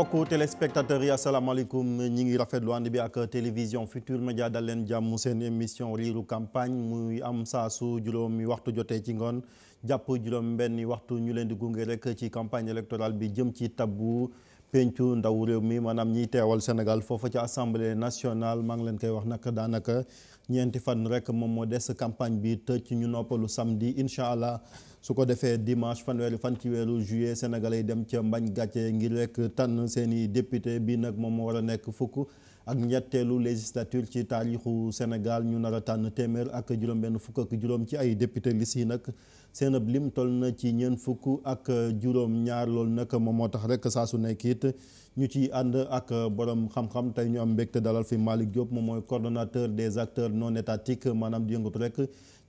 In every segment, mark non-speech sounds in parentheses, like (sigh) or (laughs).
mbokku téléspectateurs yi asalaamaaleykum ñi ngi rafetlu ànd bi ak télévision Futur Média dal leen jàmm seen émission riiru campagne muy am saa su juróomi waxtu jotee ci ngoon jàpp juróom mbenn waxtu ñu leen di gunge rek ci campagne électorale bi jëm ci tabbu pencu ndaw réew mi maanaam ñiy teewal Sénégal foofa ci assemblée nationale maa ngi leen koy wax nag daanaka ñeenti fan rek moom moo des campagne bi tëj ñu noppalu samedi incha allah. su ko defee dimanche fanweeri fan ci weeru juillet sénégalais yi dem ca mbañ gàcce ngir rekk tànn seeni député bii nag moom moo war a nekk fukk ak ñetteelu législature ci taarixu Sénégal ñu nar a tànn téeméer ak juróom-benn fukk ak juróom ci ay député lis yi nag seen ab lim toll na ci ñeen fukk ak juróom-ñaar loolu nag moom moo tax rek saa su nekk it ñu ci ànd ak borom xam-xam tey ñu am mbégte dalal fi Malick Diop moom mooy coordonnateur des acteurs non maanaam di rek.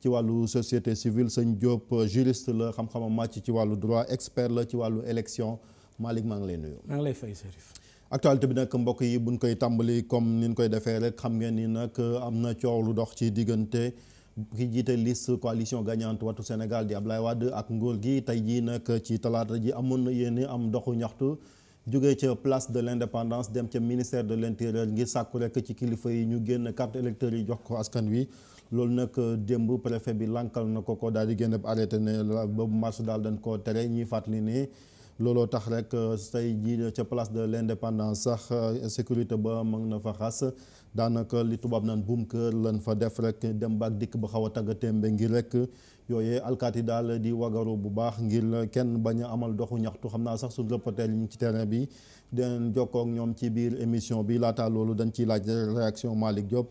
ci wàllu société civile sañ Diop euh, juriste la xam-xamam màcc ci wàllu droit expert la ci wàllu élection Malick maa ngi lay nuyu. maa ngi lay fay Serif. actualité bi nag mbokk yi buñ koy tàmbali comme ni ñu koy defee rek xam ngeen ni nag euh, am na coow lu dox ci diggante ki jiite list coalition gagnante watu Sénégal di Ablaye Wade ak ngóor gi tey jii nag ci talaata ji amoon na yéen am ndoxu ñaxtu jógee ca place de l'indépendance dem ca ministère de l'intérieur ngir sàkku rek ci kilifa yi ñu génn carte yi jox askan wi. loolu nag euh, démb préfet bi lankal na ko ko daal di génn arrêté ne boobu marche daal dañ koo tere ñuy fàttali ne looloo tax rek say euh, jii ca place de l' sax euh, sécurité ba mën na fa xas daanaka li tubaab naan buum kër lan fa def rek dem baak dikk ba xaw a tagga témbe ngir rek yooyee alkaati daal di wagaro bu baax ngir kenn bañ a amal doxu ñaxtu xam naa sax suñ reporter yi ñu ci terrain bi den jokkoo ñoom ci biir émission bi laata loolu dañ ciy laaj réaction Malick Diop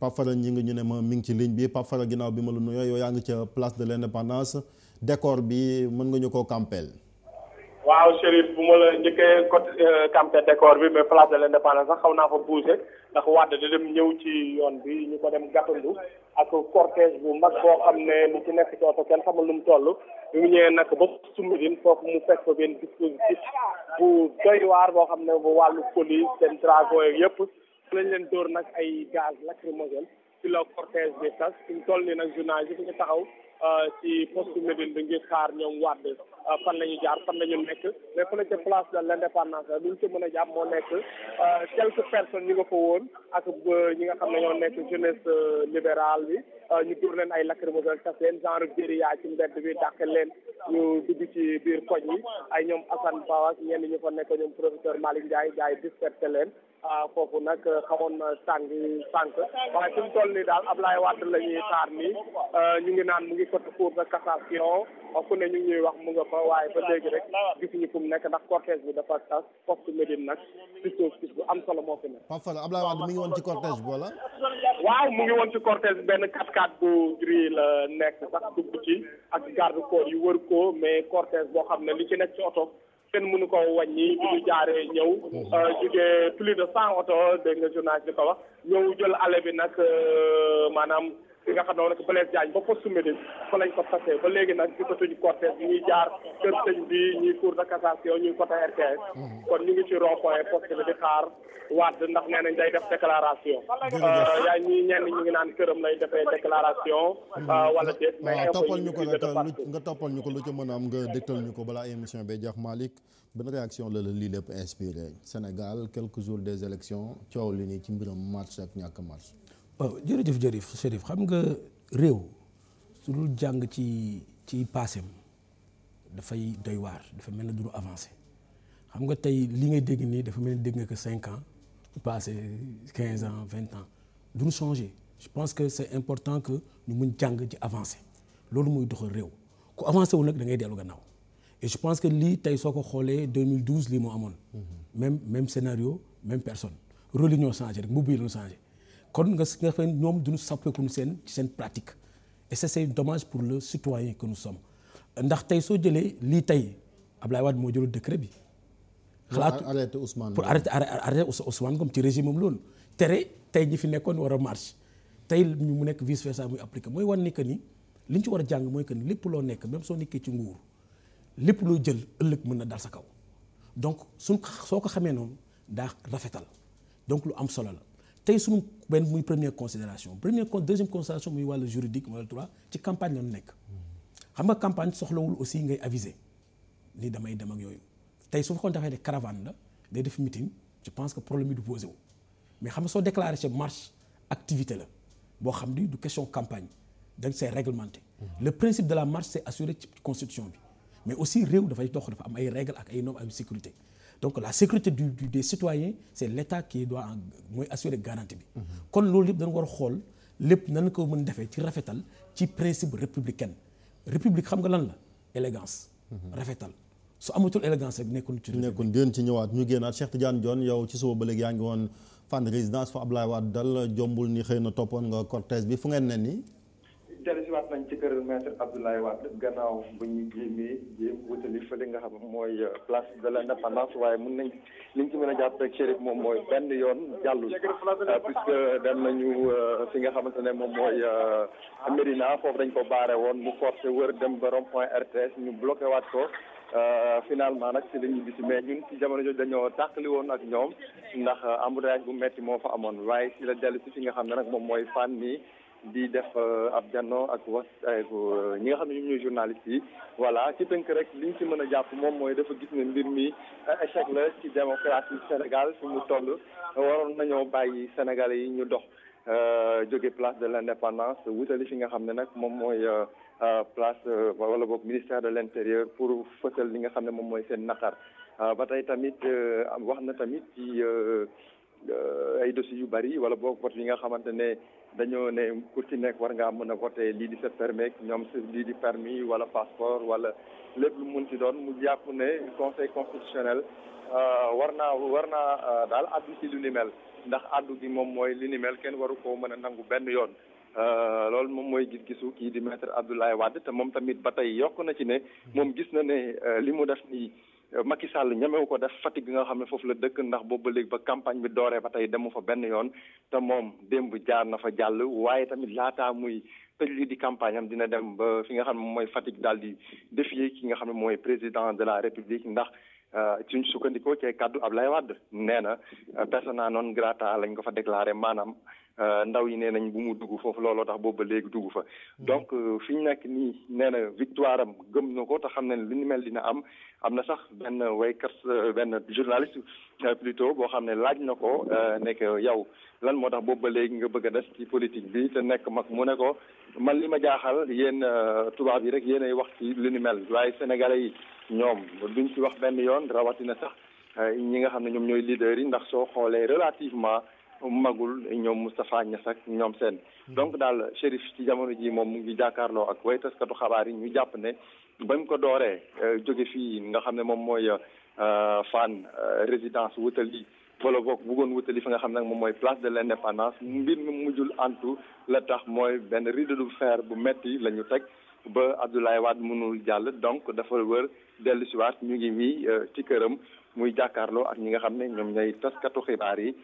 Pape Fara ñi ngi ñu ne ma mi ngi ci ligne bi Pape Fara ginnaaw bi ma la nuyoo yow yaa ngi ca place de l'indépendance décor bi mën nga ñu koo campeel waaw Chérif bu ma la njëkkee côté euh, campé décor bi ma place de l'indépendance sax xaw naa fa bougé ndax wàdd da dem ñëw ci yoon bi ñu ko dem gàttandu ak cortège bu mag boo xam ne lu ci nekk ci oto kenn xamul lu mu toll bi mu ñëwee nag ba Soumbédioune foofu mu fekk fa benn dispositif bu doy waar boo xam ne bu wàllu police seen dragon yëpp lañ leen dóor nag ay gaz lacrymogène ci la cortège bi tas fi mu toll nii nag journaliste yi fi ñu taxaw euh, ci poste Médine bi ngir xaar ñoom wàdd euh, fan la ñu jaar fan la ñu nekk mais fële ca place de l' indépendance la duñ ci mën a jàpp moo nekk euh, quelques personnes ñi nga fa woon ak ñi nga xam ne ñoo nekk jeunesse libérale bi ñu dóor leen ay lacrymogène tas leen genre guérilla ci mbedd bi dàq leen ñu dugg ci biir koñ yi ay ñoom Assane Bawas ñenn ñu fa nekk ñoom professeur Malick Ndiaye gars leen Ah, foofu nag euh, xamoon na sànq sànq waaye fi mu toll nii daal Ablaye Wade la ñuy xaar nii euh, ñu ngi naan mu ngi côté cour de cassation ah, ku ne ñu ngi wax mu nga fa waaye ba léegi rek gisuñu fu mu nekk ndax cortège bi dafa sa poste Médine nag surtout gis bu am solo moo fi nekk. Pape Fall Ablaye Wade mi ngi woon ci cortège bi waaw mu ngi woon ci cortège benn 4 kat 4 bu gris nekk sax dugg ci ak garde corps yu wër ko mais cortège boo xam ne li ci nekk ci kenn mënu ko wàññi bi ñu jaaree ñëw mmh. euh, jugee plus de cent oto dégg nga journaliste bi ko wax ñëw jël ale bi nag euh, maanaam fi nga xam ne nag Blaise Diagne ba poste Médine fa lañ ko tasee ba léegi nag di ko tuj cortège ñuy jaar kër sëñ bi ñuy cour de cassation ñuy côté RTS mhm. kon ñu ngi ci rond point poste bi di xaar waat ndax ñu euh, këram lay defee déclaration mhm. euh, wala déet waaw toppal ñu ko nag nga toppal ñu ko lu ci mën a am nga dégtal ñu ko balaa émission bi jeex Malick benn réaction la la lii lépp inspiré Sénégal quelques jours des élections coow li nii ci mbiram marche ak ñàkk marche waaw jërëjëf jërëjëf Chérif xam nga réew su dul jàng ci ci passém dafay doy waar dafa mel ne du ñu avancé xam nga tey li ngay dégg nii dafa mel ni dégg nga que cinq ans passé quinze ans vingt ans du ñu changé je pense que c'est important que ñu mun jàng ci avancé loolu muy doxal réew ku avancé wu nag da ngay dellu gannaaw et je pense que lii tey soo ko xoolee 2012 lii moo amoon. Mm-hmm. même même scénario même personne rôle yi ñoo changé rek mbubb yi la ñu changé. kon nga nga xam ñoom duñu soppeeku seen ci seen pratique et ça c'est dommage pour le citoyen que nous sommes ndax tey soo jëlee lii tey Ablaye Wade moo jëloon décret bi. xalaatu pour arrêter Ousmane pour arrêter arrêter Ousmane comme ci régime am loolu tere tey ñi fi nekkoon war a marche tey ñu mu nekk vice versa muy appliqué mooy wan ni que ni li ñu ci war a jàng mooy que ni lépp loo nekk même soo nekkee ci nguur lépp loo jël ëllëg mën na dal sa kaw donc suñ soo ko xamee noonu daa rafetal donc lu am solo la. tey suñu benn muy première considération première deuxième considération muy wàllu juridique mooy droit ci campagne la ñu nekk xam nga campagne soxlawul aussi ngay aviser ni damay dem ak yooyu tey su fekkoon dafay ne caravane la day def meeting je pense que problème bi du posé mais xam nga soo déclaré ca marche activité la boo xam ni du question campagne dañ c'est réglementé mhm. le principe de la marche c'est assuré ci constitution bi mais aussi réew dafay dox dafa am ay règles ak ay normes sécurité donc la sécurité du, du des citoyens c' l' état qui doit mooy assurer garantie bi. kon loolu yëpp dañu war a xool lépp nan ko mën defee ci rafetal ci principe républicain république xam nga lan la élégance. rafetal su amatul élégance rek nekkul ci. nekkul dinañ ci ñëwaat ñu génnaat Cheikh Tidiane Dione yow ci suba ba léegi yaa ngi woon fan résidence fa Ablaye Wade dal jombul ni xëy na toppoon nga cortège bi fu ngeen ne nii. dellusiwaat nañ ci kër maître Abdoulaye Wade gannaaw bu ñu génnee jéem wutali nga xam mooy euh, place de l'indépendance waaye mun nañ li ñu ci mën a jàpp rek moom mooy benn yoon jàllul euh, puisque dem nañu euh, fi nga xamante ne moom mooy Médina foofu dañ ko baare woon mu forcé wër dem ba rond point RTS ñu bloqué waat ko finalement nag si la ñu gis mais ñun ci jamono jooju dañoo tàqali woon ak ñoom ndax embouteillage bu metti moo fa amoon waaye si la dellu si fi nga xam ne nag moom mooy fan nii di def euh, ab janno ak was ak euh, ñi nga xam ne ñoom ñooy journaliste yi voilà ci tënk rek liñ ci mën a jàpp moom mooy dafa gis ne mbir mi euh, échec la ci démocratie Sénégal fi mu toll waroon nañoo bàyyi sénégal yi ñu dox jóge place de l'indépendance wutali fi nga xam ne nag moom mooy place wala book ministère de l'intérieur pour fësal li nga xam ne moom mooy seen naqar ba tey tamit wax na tamit ci ay dossiers yu bari wala boog vote yi nga xamante ne dañoo ne ku ci nekk war ngaa mën a voté lii di sa permis ñoom si lii di permis wala passeport wala lépp lu mun ci doon mu jàpp ne conseil constitutionnel euh, war naa war naa euh, daal addu ci lu ndax addu gi moom mooy lu kenn waru koo mën a nangu benn yoon euh, loolu moom mooy gis-gisu kii di maître Abdoulaye Wade te moom tamit ba tey yokk na ci ne moom gis na ne li mu def nii Macky Sall ñemewu ko def Fatick nga xam ne foofu la dëkk ndax boobu ba léegi ba campagne bi dooree ba tey demu fa benn yoon te moom démb jaar na fa jàll waaye tamit laata muy tëj lii di campagne am dina dem ba fi nga xam ne mooy Fatick daal di défier ki nga xam ne mooy président de la République ndax euh, suñ sukkandikoo ci kàddu Ablaye Wade nee na euh, persona non grata lañ ko fa déclaré maanaam Euh, ndaw yi nee nañ bu mu dugg foofu looloo tax boobu ba léegi dugg fa mm. donc euh, fi ñu nekk nii nee na victoire am gëm na ko te xam ne lu ni mel dina am am na sax benn waykat euh, benn journaliste plutôt boo xam ne laaj na ko nekk yow lan moo tax boobu ba léegi nga bëgg a des ci politique bi te nekk mag mu ne ko man li ma jaaxal yéen tubaab yi rek yéenay wax ci lu ni waaye sénégalais yi ñoom duñ ci wax benn yoon na sax ñi nga xam ne ñoom ñooy leader yi ndax soo xoolee relativement magul ñoom Moustapha Niass ak ñoom seen hmm. donc daal Chérif ci jamono ji moom mu ngi jàkkaarloo ak way taskatu xabaar yi ñu jàpp ne ba bañ ko dooree euh, jóge fii nga xam ne moom mooy euh, Fann euh, résidence wutali wala boog bëggoon wutali fa nga xam nag moom mooy place de l'indépendance mbir mi mujjul antu la tax mooy benn rideau de fer bu metti la ñu teg ba Abdoulaye Wade mënul jàll donc dafa wër dellu si waat ñu ngi nii euh, ci këram muy jàkkaarloo ak ñi nga xam ne ñoom ñooy taskatu xibaar yi euh,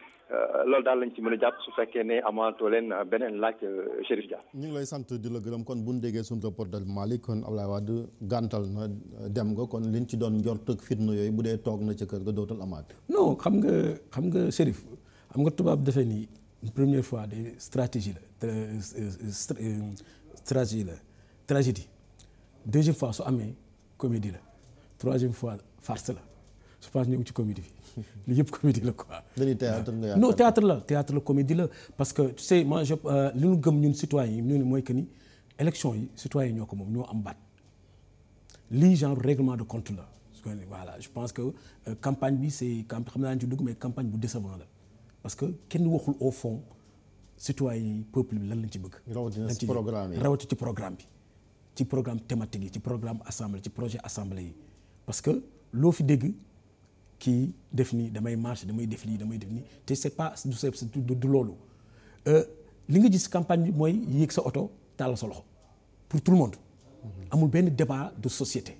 loolu daal lañ ci mën a jàpp su fekkee ne amaatoo leen euh, beneen laaj Chérif Dia. ñu ngi lay sant di la gërëm kon bu ñu déggee suñu reporter Malick kon Abdoulaye Wade gàntal na dem nga kon liñ ci doon njort ak fitna yooyu bu dee toog na ci kër ga dootul amaat. non xam nga xam nga Chérif xam nga tubaab defee nii une fois des stratégie la la. tragédie deuxième fois su amee comédie la troisième fois farce la je pense ñu ngi ci comédie bi (laughs) li yëpp comédie la quoi. dañuy théâtre nga non théâtre la théâtre la comédie la parce que tu sais moi je euh, li ñu gëm ñun citoyens yi ñu mooy que ni élection yi citoyens ñoo ko moom ñoo am baat lii genre règlement de compte la. voilà je pense que euh, campagne bi c'est xam naa ne ci dugg mais campagne bu décevant la parce que kenn waxul au fond citoyens yi peuple bi lan lañ ci bëgg. rawatina ci programme bi ci programme thématique yi ci programme assemblée ci projet assemblée yi parce que loo fi dégg kii def nii damay marché damay def lii damay def nii te c'est pas du du loolu euh, li nga gis campagne bi mooy yéeg sa oto tàllal sa loxo pour tout le monde mhm. amul benn débat de société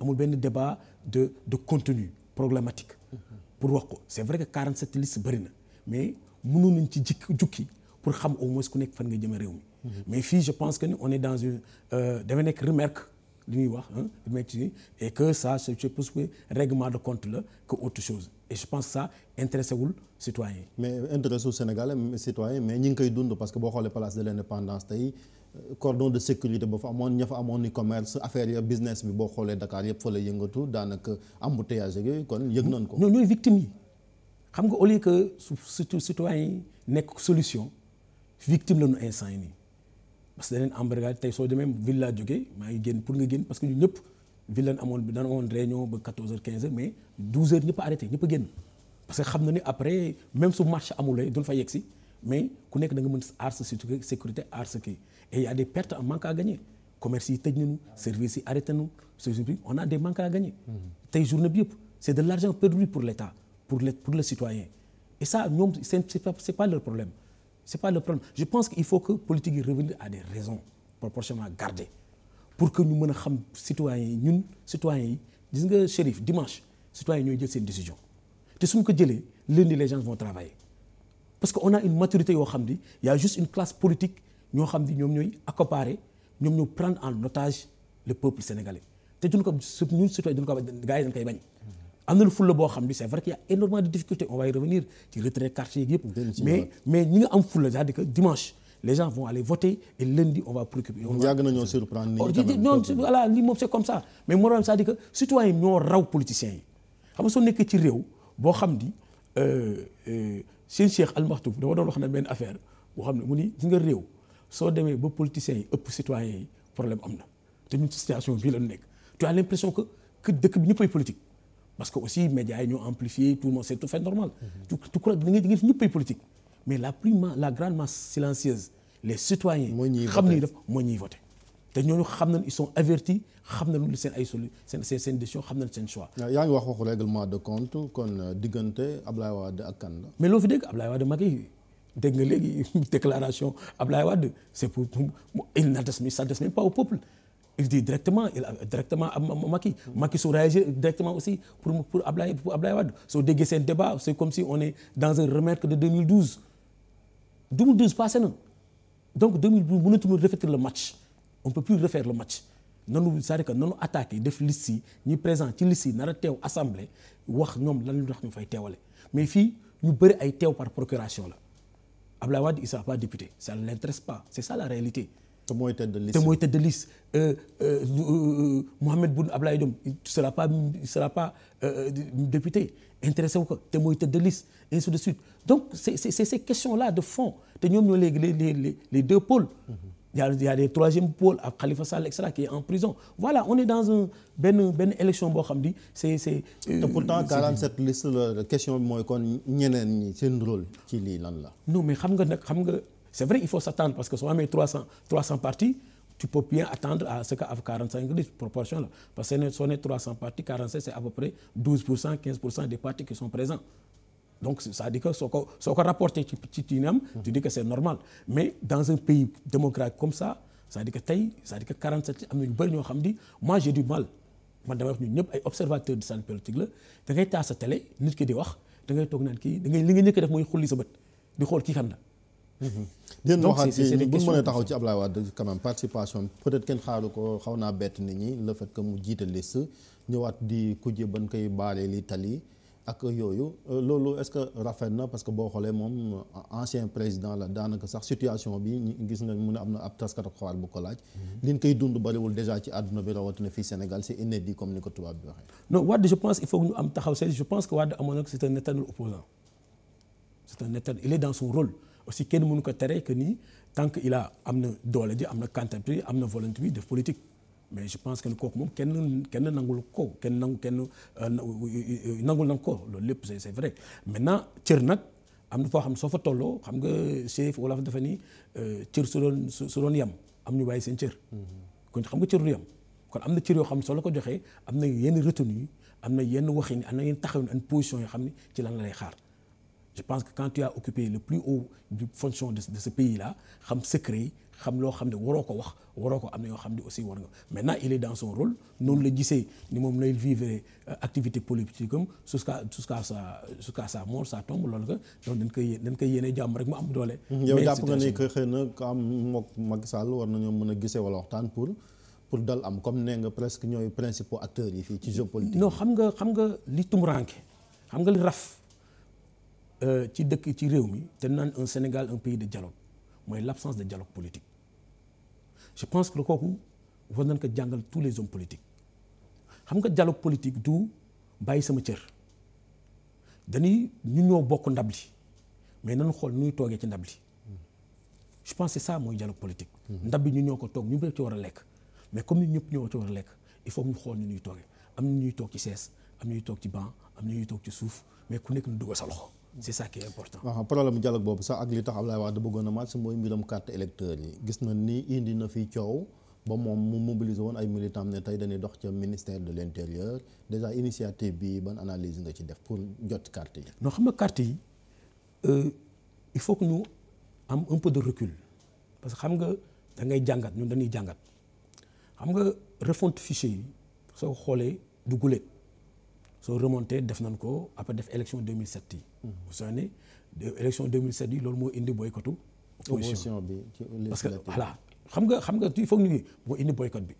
amul benn débat de de contenu programmatique mhm. pour wax ko c'est vrai que 47 listes bëri na mais mënoon nañ ci jikk jukki pour xam au moins ku nekk fan nga jëme réew mi mais fii je pense que ni on est dans une euh, dafa nekk remarque li ñuy wax remarque et que ça c'est plus que règlement de compte la que autre chose et je pense que ça intéressé wul citoyen mais intéressé wul Sénégalais citoyen mais ñi ngi koy dund parce que boo xoolee place de l'indépendance tey euh, cordon de sécurité ba fa amoon ña fa amoon ni commerce affaire ya business bi boo xoolee Dakar yëpp fa la yëngatu daanaka embouteillage yooyu kon yëg nañ ko. ñoo ñooy victimes yi xam nga au lieu que surtout citoyen yi nekk solution victime la instant yi parce que daneen embargade tey soo demee ville laa jógee maa ngi génn pour nga génn parce que ñun ñëpp ville lañ amoon a a génn parce que xam na ni après même su marché amulee duñ fa yegg si mais ku nekk da nga mën aar sa sécurité aar sa kii et a des pertes en manque à gagner commerce yi tëj nañu services yi arrêté nañu service bi on a des manques à gagner mm-hmm. tey journée bi yëpp c' est de l' argent perdu pour l' état pour le pour le citoyen et ça ñoom c' est pas c' c'est pas le problème je pense qu'il faut que politique yi revenir à des raisons proportionnellement gardées pour que ñu mën a xam citoyens yi ñun citoyens yi gis nga shérif dimanche citoyens yi ñooy jël seen décision te suñ ko jëlee lundi les gens vont travailler parce que on a une maturité yoo xam ni y a juste une classe politique ñoo xam ni ñoom ñooy accaparer ñoom ñu prendre en otage le peuple sénégalais te duñ ko ñun citoyens duñ ko gars yi dañ koy bañ am na lu fulla boo xam ni c'est vrai qu'il y a énormément de difficultés on va y revenir ci retrait carte yeeg yëpp mais mais ñi nga am fulla c'est-à-dire dimanche les gens voter et lundi on va préoccuper yàgg na ñoo surprendre oh, non voilà li moom c'est comme nga soo boo xam ni euh, euh, seen Cheikh Al Maktoum dafa doon wax na benn affaire boo xam ne mu ni gis nga réew soo demee ba politiciens yi ëpp citoyens yi problème am na te ñun situation bii la nekk tu as l'impression que que dëkk bi ñëppay politique parce que aussi média yi ñoo amplifié tout le monde c'est tout fait normal. tu tu crois da ngeen ñëpp ay politique. mais la plus la grande masse silencieuse les citoyens. xam nañu def moo ñuy voté. te ñooñu xam nañu ils sont avertis xam lu seen ay solu seen seen seen décision xam nañu seen choix. yaa ngi wax waxu règlement de compte kon diggante Ablaye Wade ak kan la. mais loo fi dégg Ablaye Wade mag yi dégg nga léegi (laughs) déclaration Ablaye Wade c'est pour il n'adresse il dit directement am directement Macky Macky su réagir directement aussi pour pour Ablaye pour soo déggee seen débat c'est comme si on est dans un remake de 2012 2012 passé na donc 2012 mënatuñu refaire le match on peut plus refaire le match nanu cest à que nanu attaqué def liste yi ñi présent ci liste yi a teew assemblée wax ñoom lan lu tax ñu fay teewale mais fii ñu bëri ay teew par procuration la Ablaye Wade il sera pas député ça ne l'intéresse c'est ça la te mooy tête de liste te mooy tête de liste euh, euh, euh, Mohamed Boun Abdoulaye Diome il sera pas il sera pas député intéressé wu ko te mooy tête de liste ainsi de suite donc c'est c'est ces question la de fond te ñoom ñoo léegi les les les deux pôles. il y a il y a des troisième Khalifa Sall et cetera en prison voilà on est dans un benn benn élection boo xam ni c'est c'est. te pourtant 47 liste la question bi mooy kon ñeneen ñi seen rôle. ci lii lan la. non mais xam nga nag xam nga. C'est vrai, il faut s'attendre parce que si on met 300, 300 partis, tu peux bien attendre à ce qu'à 45 de proportion là. Parce que si on est 300 partis, c'est à peu près 12%, 15% des partis qui sont présents. Donc ça dit que ce qu'on ci ci tiinam tu dis que c'est normal mais dans un pays démocratique comme ça ça dit que tey ça dit que 47 am na ñu bëri ñoo xam ni moi j'ai du mal man damay wax ñun ñëpp déen mm-hmm. waxaat ci bu ñu mënee taxaw ci Ablaye Wade quand même participation peut-être kenn xaaru ko xaw naa bett nit ñi le fait que mu jiite liste ñëwaat di kujje ban koy baaree li tali ak yooyu euh, loolu est-ce que rafet na parce que boo xoolee moom euh, ancien président la daanaka sax situation bi gis nga mu ne am na ab taskatu xabaar bu ko laaj mm-hmm. liñ koy dund bariwul déjà ci àdduna bi rawatina fii Sénégal c'est inédit comme ni ko tubaab bi waxee non Wade je pense il faut que ñu am taxaw aussi kenn mënu ko tere que nii tant que il am na doole ji am na quantité bi am na volonté bi def politique mais je pense que ni kooku moom kenn kenn nangul ko kenn nangu kenn euh, euh, nangul nang ko loolu lépp c'est vrai maintenant cër nag am na foo xam soo fa tolloo xam nga chef wala dafa ni euh, cër su doon su doon yem am ñu bàyyi seen cër mm-hmm. kon xam nga cër du yam kon am na cër yoo xam soo la ko joxee am na yenn retenue am na yenn waxin am na yenn taxawin am position yoo xam ni ci lan la lay xaar je pense que quand tu as occupé le plus haut du fonction de ce pays là xam secret yi xam loo xam ne waroo ko wax waroo ko am na yoo xam ne aussi war nga maintenant il est dans son noonu la gisee ni moom lay vivre euh, activité politique am jusqu'à sa jusqu'à sa mort sa tombe loolu nga dañ koy dañ koy yéene jàmm rek mu am doole. yow jàpp nga ne que xëy na am mook Macky a gise wala waxtaan pour pour dal am comme nee nga presque ñooy principaux acteurs yi fii ci jeu politique. non xam nga xam nga li tumuraanke xam nga li raf. Euh, ci dëkk ci réew mi te naan un Sénégal un pays de dialogue mooy l'absence de dialogue politique je pense que kooku war nañ ko jàngal tous les hommes politiques xam nga dialogue politique du bàyyi sama cër dañuy ñu ñoo bokk ndab li mais nañu xool nuy toogee ci ndab li je pense c'est ça mooy dialogue politique. Mhm. ndab bi ñu ñoo ko toog ñu ñëpp ci war a lekk mais comme ñun ñëpp ñoo ci war a lekk il faut ñu xool ñu ñuy toogee am na ñuy toog ci sees am na toog ci banc am na ñuy toog ci suuf mais ku nekk ñu dugal sa c'est ça qui est important. waaw problème dialogue boobu sax ak li tax Abdoulaye Wade bëggoon a maat si mooy mbiram carte électeur yi gis na ni indi na fi coow ba moom mu mobiliser woon ay militants ne tey dañuy dox ca ministère de l'intérieur déjà initiative bi ban analyse nga ci def pour jot carte yi. non xam nga carte yi euh, il faut que ñu am un peu de recul parce que xam nga da ngay jàngat ñun dañuy jàngat xam nga refonte fichier yi soo xoolee du guléet soo remonté def nañ ko après def élection 2007 yi. vous savez élection 2007 yi loolu moo indi boycottu. opposition bi ci xam nga xam nga il faut ñu moo indi boycott bi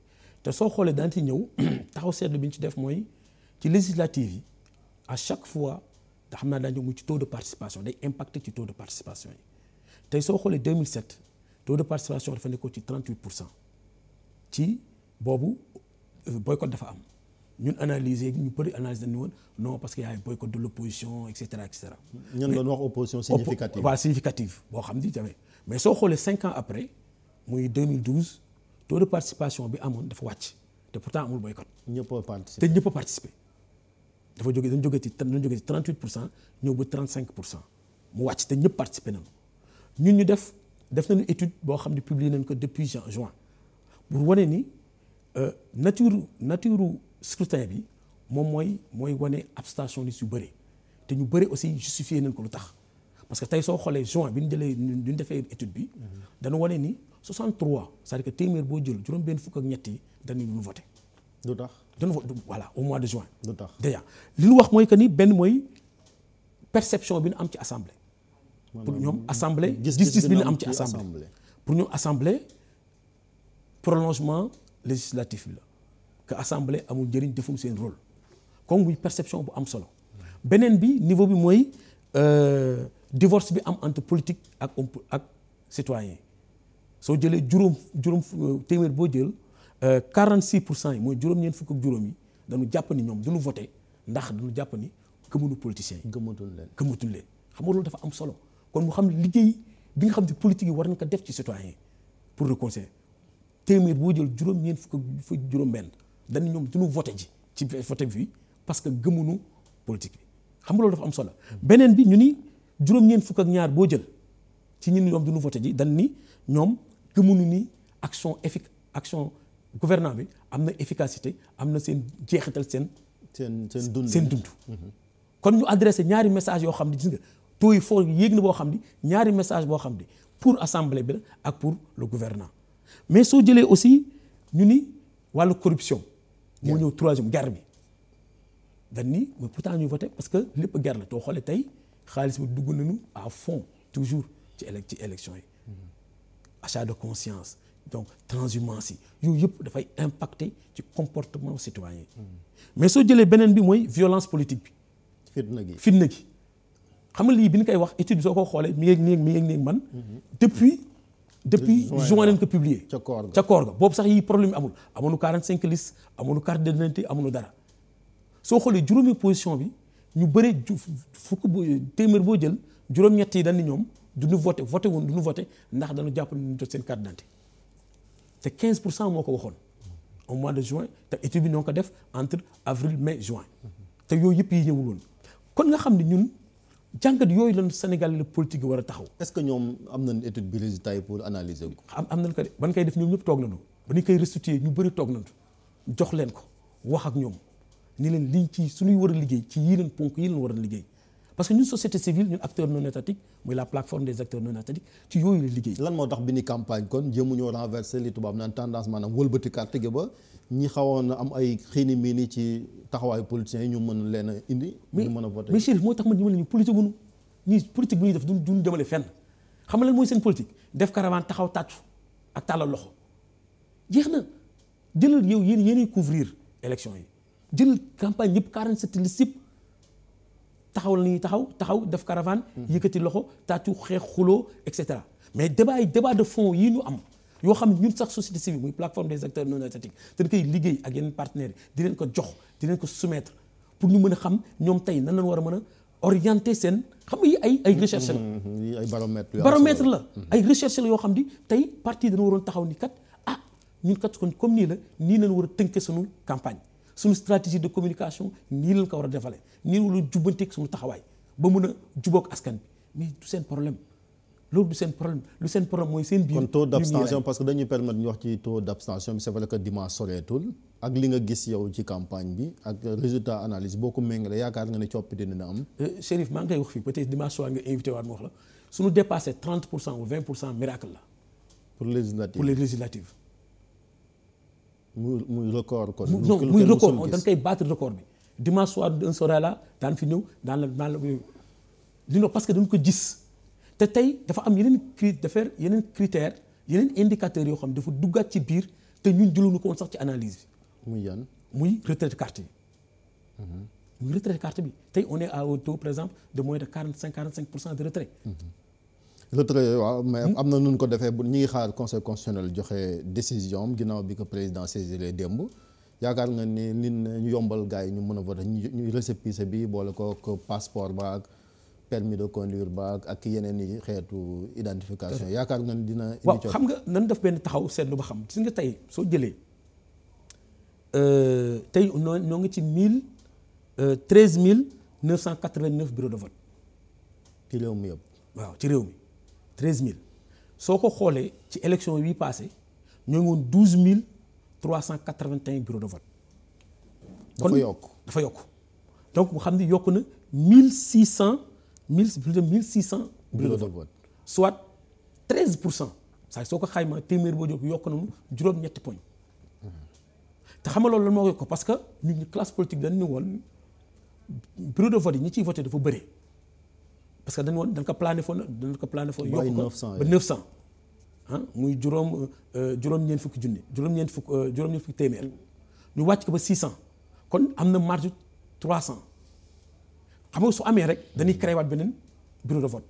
te soo xoolee daan ci ñëw (clears throat) taxaw seetlu bi ñu ci def mooy ci législative yi à chaque fois da xam naa daañu mu ci taux de participation day impacté ci taux de participation yi tey soo xoolee 2007 taux de participation dafa nekkoon ci 38 pour cent ci boobu euh, boycott dafa am. ñun analyser ñu bëri analyse dañu woon non parce que y a boycott de l'opposition et cetera et cetera. ñun doon wax opposition significative. boo xam ni tamit mais soo xoolee cinq ans après muy 2012 taux de participation bi amoon dafa wàcc te pourtant amul boycott. ñëpp a participé te ñëpp a participé. dafa jóge dañu jógee ci dañu jógee ci 38 pour cent ñëw ba 35 pour cent mu wàcc te ñëpp participé nañu ñun ñu def def nañu étude boo xam ne publier nañ ko depuis juin pour wane ni euh, nature nature. scrutin bi moom mooy mooy wane abstentionnistes su bëri te ñu bëri aussi justifié nañ ko lu tax parce que tey soo xoolee juin bi ñu jëlee bi ñu defee étude bi dañu wane ni 63 c'est-à-dire que téeméer boo jël juróom-benn fukk ak ñett yi dañu ñu voté. lu tax dañu voilà au mois de juin. lu tax déjà li ñu wax mooy que nii benn mooy perception bi nu am ci assemblée. pour ñoom assemblée gis-gis bi ñu am ci assemblée. pour ñoom assemblée prolongement législatif bi la. que assemblée amul njëriñ deful seen rôle comme muy perception bu am solo beneen bi niveau bi mooy euh, divorce bi am entre politique ak ak citoyen soo jëlee juróom juróom téeméer boo jël 46 euh, pour cent yi mooy juróom fukk ak juróom dañu jàpp ni ñoom duñu voté ndax dañu jàpp ni gëmuñu politiciens yi. gëmatul leen gëmatul xam nga loolu dafa am solo kon mu xam liggéey bi nga xam ne politique yi war nañ ko def ci citoyen pour le téeméer boo jël juróom-ñeent fukk ak juróom-benn. dañ ñoom duñu voté ji ci voté bi parce que gëmuñu politique bi xam nga loolu dafa am solo beneen bi ñu ni juróom-ñeent fukk ak ñaar boo jël ci ñun ñoom duñu voté ji dañ ni ñoom gëmuñu ni action effic action gouvernement bi am na efficacité am na seen jeexital seen. seen seen dund seen dund. Mhm. kon ñu adressé ñaari message yoo xam ne gis nga taux yi foo boo xam ni ñaari message boo xam ni pour assemblée bi ak pour le gouvernement mais soo jëlee aussi ñu ni wàllu corruption. moo ñëw trois troisième gar bi dañ ni mais pourtant ñu voté parce que lépp guerre na too xoolee tey xaalis bi dugg nañu à fond toujours ci élec ci élection yi mm-hmm. achat de conscience donc transhumance yi yooyu yëpp dafay impacter ci comportement citoyen yi mm-hmm. mais soo jëlee beneen bi mooy violence politique bi fitna gi fitna gi xam nga lii bi ñu koy wax étude soo ko xoolee mi ngi mi ngi mi ngi man mm-hmm. depuis depuis juin lañ ko publier ca koor ga boobu sax yi problème amul amoonu 45 listes amoonu carte d'identité amoonu dara soo xoolee juróomi position bi ñu bëri fukk bu téeméer boo jël juróom-ñett yi dañ ni ñoom du ñu voté voté woon du ñu voté ndax dañu jàpp ne ñu jot seen carte d'identité te 15 pour cent moo ko waxoon au mois de juin te étude bi ñoo ko def entre avril mai juin te yooyu yëpp yi ñëwul woon kon nga xam ne ñun. jàngat yooyu lan Sénégal la politique yi war a taxaw. est-ce que ñoom am nañ étude bi résultat yi pour analyser ko. am am nañ ko de ban koy def ñoom ñëpp toog nañu ba ñu koy restituer ñu jox leen ko wax ak ñoom ni leen lii ci suñuy war a liggéey ci yii leen ponk yi leen war a liggéey parce que ñun société civile ñun acteur non mooy la plateforme des acteurs non ci yooyu la liggéey. lan moo tax bi ni campagne kon jéemuñoo renverser li tubaab naan ñi xawoon am ay xiini mii ni ci taxawaayu politiciens yi ñu mën leen a indi. ñu mën a voté mais Chérif moo tax ma ñu ne ñu politique wuñu ñii politique bu ñuy def duñ demale fenn xam nga lan mooy seen politique def caravane taxaw tàccu ak tàllal loxo jeex na jëlal yow yéen yéenay couvrir élection yi jëlal campagne yëpp 47 liste yëpp taxaw la ñuy taxaw taxaw def caravane. Hmm. yëkkati loxo tàccu xeex xuloo et cetera mais débat yi débat de fond yi ñu am. yoo xam ne ñun sax société civile muy plateforme des acteurs non étatiques dañ koy liggéey ak yeneen partenaires di leen ko jox dina ko soumettre pour ñu mën a xam ñoom tey nan lañ war a mën a orienter seen xam nga yi ay ay recherche la mm-hmm, mm-hmm, ay baromètre baromètre la mm-hmm. ay recherche la yoo xam ni tey parti dana waroon taxaw ni kat ah ñun kat kon comme nii la nii lañ war a tënke suñu campagne suñu stratégie de communication nii lañ ko war a defalee nii wala jubbanteeg suñu taxawaay ba mun a jubóog askan bi mais seen problème loolu du seen problème lu seen problème mooy seen biir. kon taux d' abstention parce que dañuy permettre ñu wax ci taux d' bi c' est vrai soreetul ak li nga gis yow ci campagne bi ak résultat analyse boo ko méngalee yaakaar nga ne coppite dina am. Euh, Chérif maa ngi koy wax fii peut être dimanche soir nga invité waat ma wax la su ñu dépassé 30 pour cent ou 20 la. pour législative muy muy record kon. muy record dañ koy record bi. dimanche soir un soir daan fi ñëw daan la daan la euh, li parce que dañ ko gis. te tey dafa am yeneen cri dafa yeneen critères indicateurs yoo xam dafa duggaat ci biir te ñun jëluñu ko woon sax ci analyse bi. muy yan muy retraite carte yi. muy retraite carte bi tey on est à un taux par exemple de moins de quarante cinq quarante pour cent de retrait. Mm-hmm. retrait waaw mais mm-hmm. am na nun ko defee bu ñu ngi xaar conseil constitutionnel joxe décision am ginnaaw bi ko président saisiré démb. yaakaar nga ni nit ñu yombal gars yi ñu mën a voter ñu récépissé bi boole ko passeport ba ak permis de conduire ba ak yeneen i xeetu identification euh, yaakaar nga dina. indi waaw xam nga nan def benn taxaw seetlu ba xam gis nga tey soo jëlee euh, tey noo ñoo ngi ci mille euh, treize mille neuf cent quatre vingt neuf bureau de vote. ci réew mi yëpp. ci réew mi treize mille soo ko xoolee ci élection yi passé ñoo ngi woon douze mille trois cent quatre vingt un bureau de dafa yokk dafa yokk donc mu xam ni yokk na mille plus de mille six cent bureau de vote soit treize pour cent saa soo ko xaymaa téeméer boo jóg yokk nañu juróom-ñetti poñ te xam nga loolu lan moo koy ko parce que ñun ñu classe politique dañ ni woon bureau de yi ñu ciy voté dafa bëri parce que dañ woon dañ ko plané foon dañ ko plané foon yokk ko ba neuf cent ah muy juróom euh, juróom-ñeent fukki junni juróom-ñeent fukk euh, juróom-ñeent fukki téeméer ñu wàcc ko ba six cent kon am na marge trois cent xam nga su amee rek dañuy créé beneen bureau de vote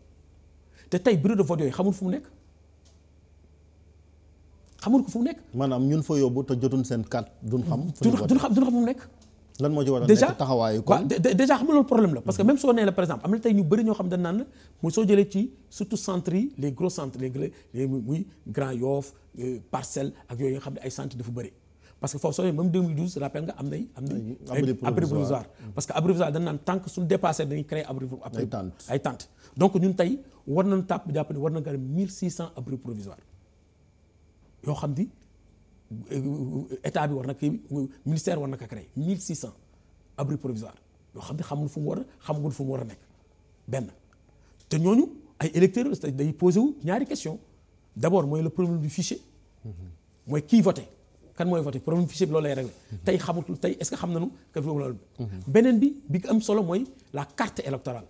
te tey bureau de vote yooyu xamul fu mu nekk xamul ko fu mu nekk. maanaam ñun fa yóbbu te jotuñ seen carte duñ xam. duñ xam duñ fu mu nekk. lan moo ci war a nekk taxawaayu kon déjà xam nga loolu problème la parce que même soo nee la par exemple am na tey ñu bëri ñoo xam dañ naan la mooy soo jëlee ci surtout centres yi les gros centres les les muy Grand Yoff euh, Parcelles ak yooyu nga xam ne ay centres dafa bëri. parce que foofu soo même 2012 rappel nga am nay am nay abri provisoire mm. parce que abri provisoire dañ naan tant que suñ dépassé dañuy créé abri ne war na yoo xam ni euh, état bi war na ministère war na ko créé 1600 abri provisoire yoo xam ne xamul fu mu war a xamagul fu mu war a nekk benn te ñooñu ay électeurs day posé wu ñaari question d' abord mooy la problème du fichier mm-hmm. mooy kii voté kan mooy voté problème fichier bi loolu lay réglé tey xamatul tey est-ce que xam nañu beneen bi bi am solo mooy la carte électorale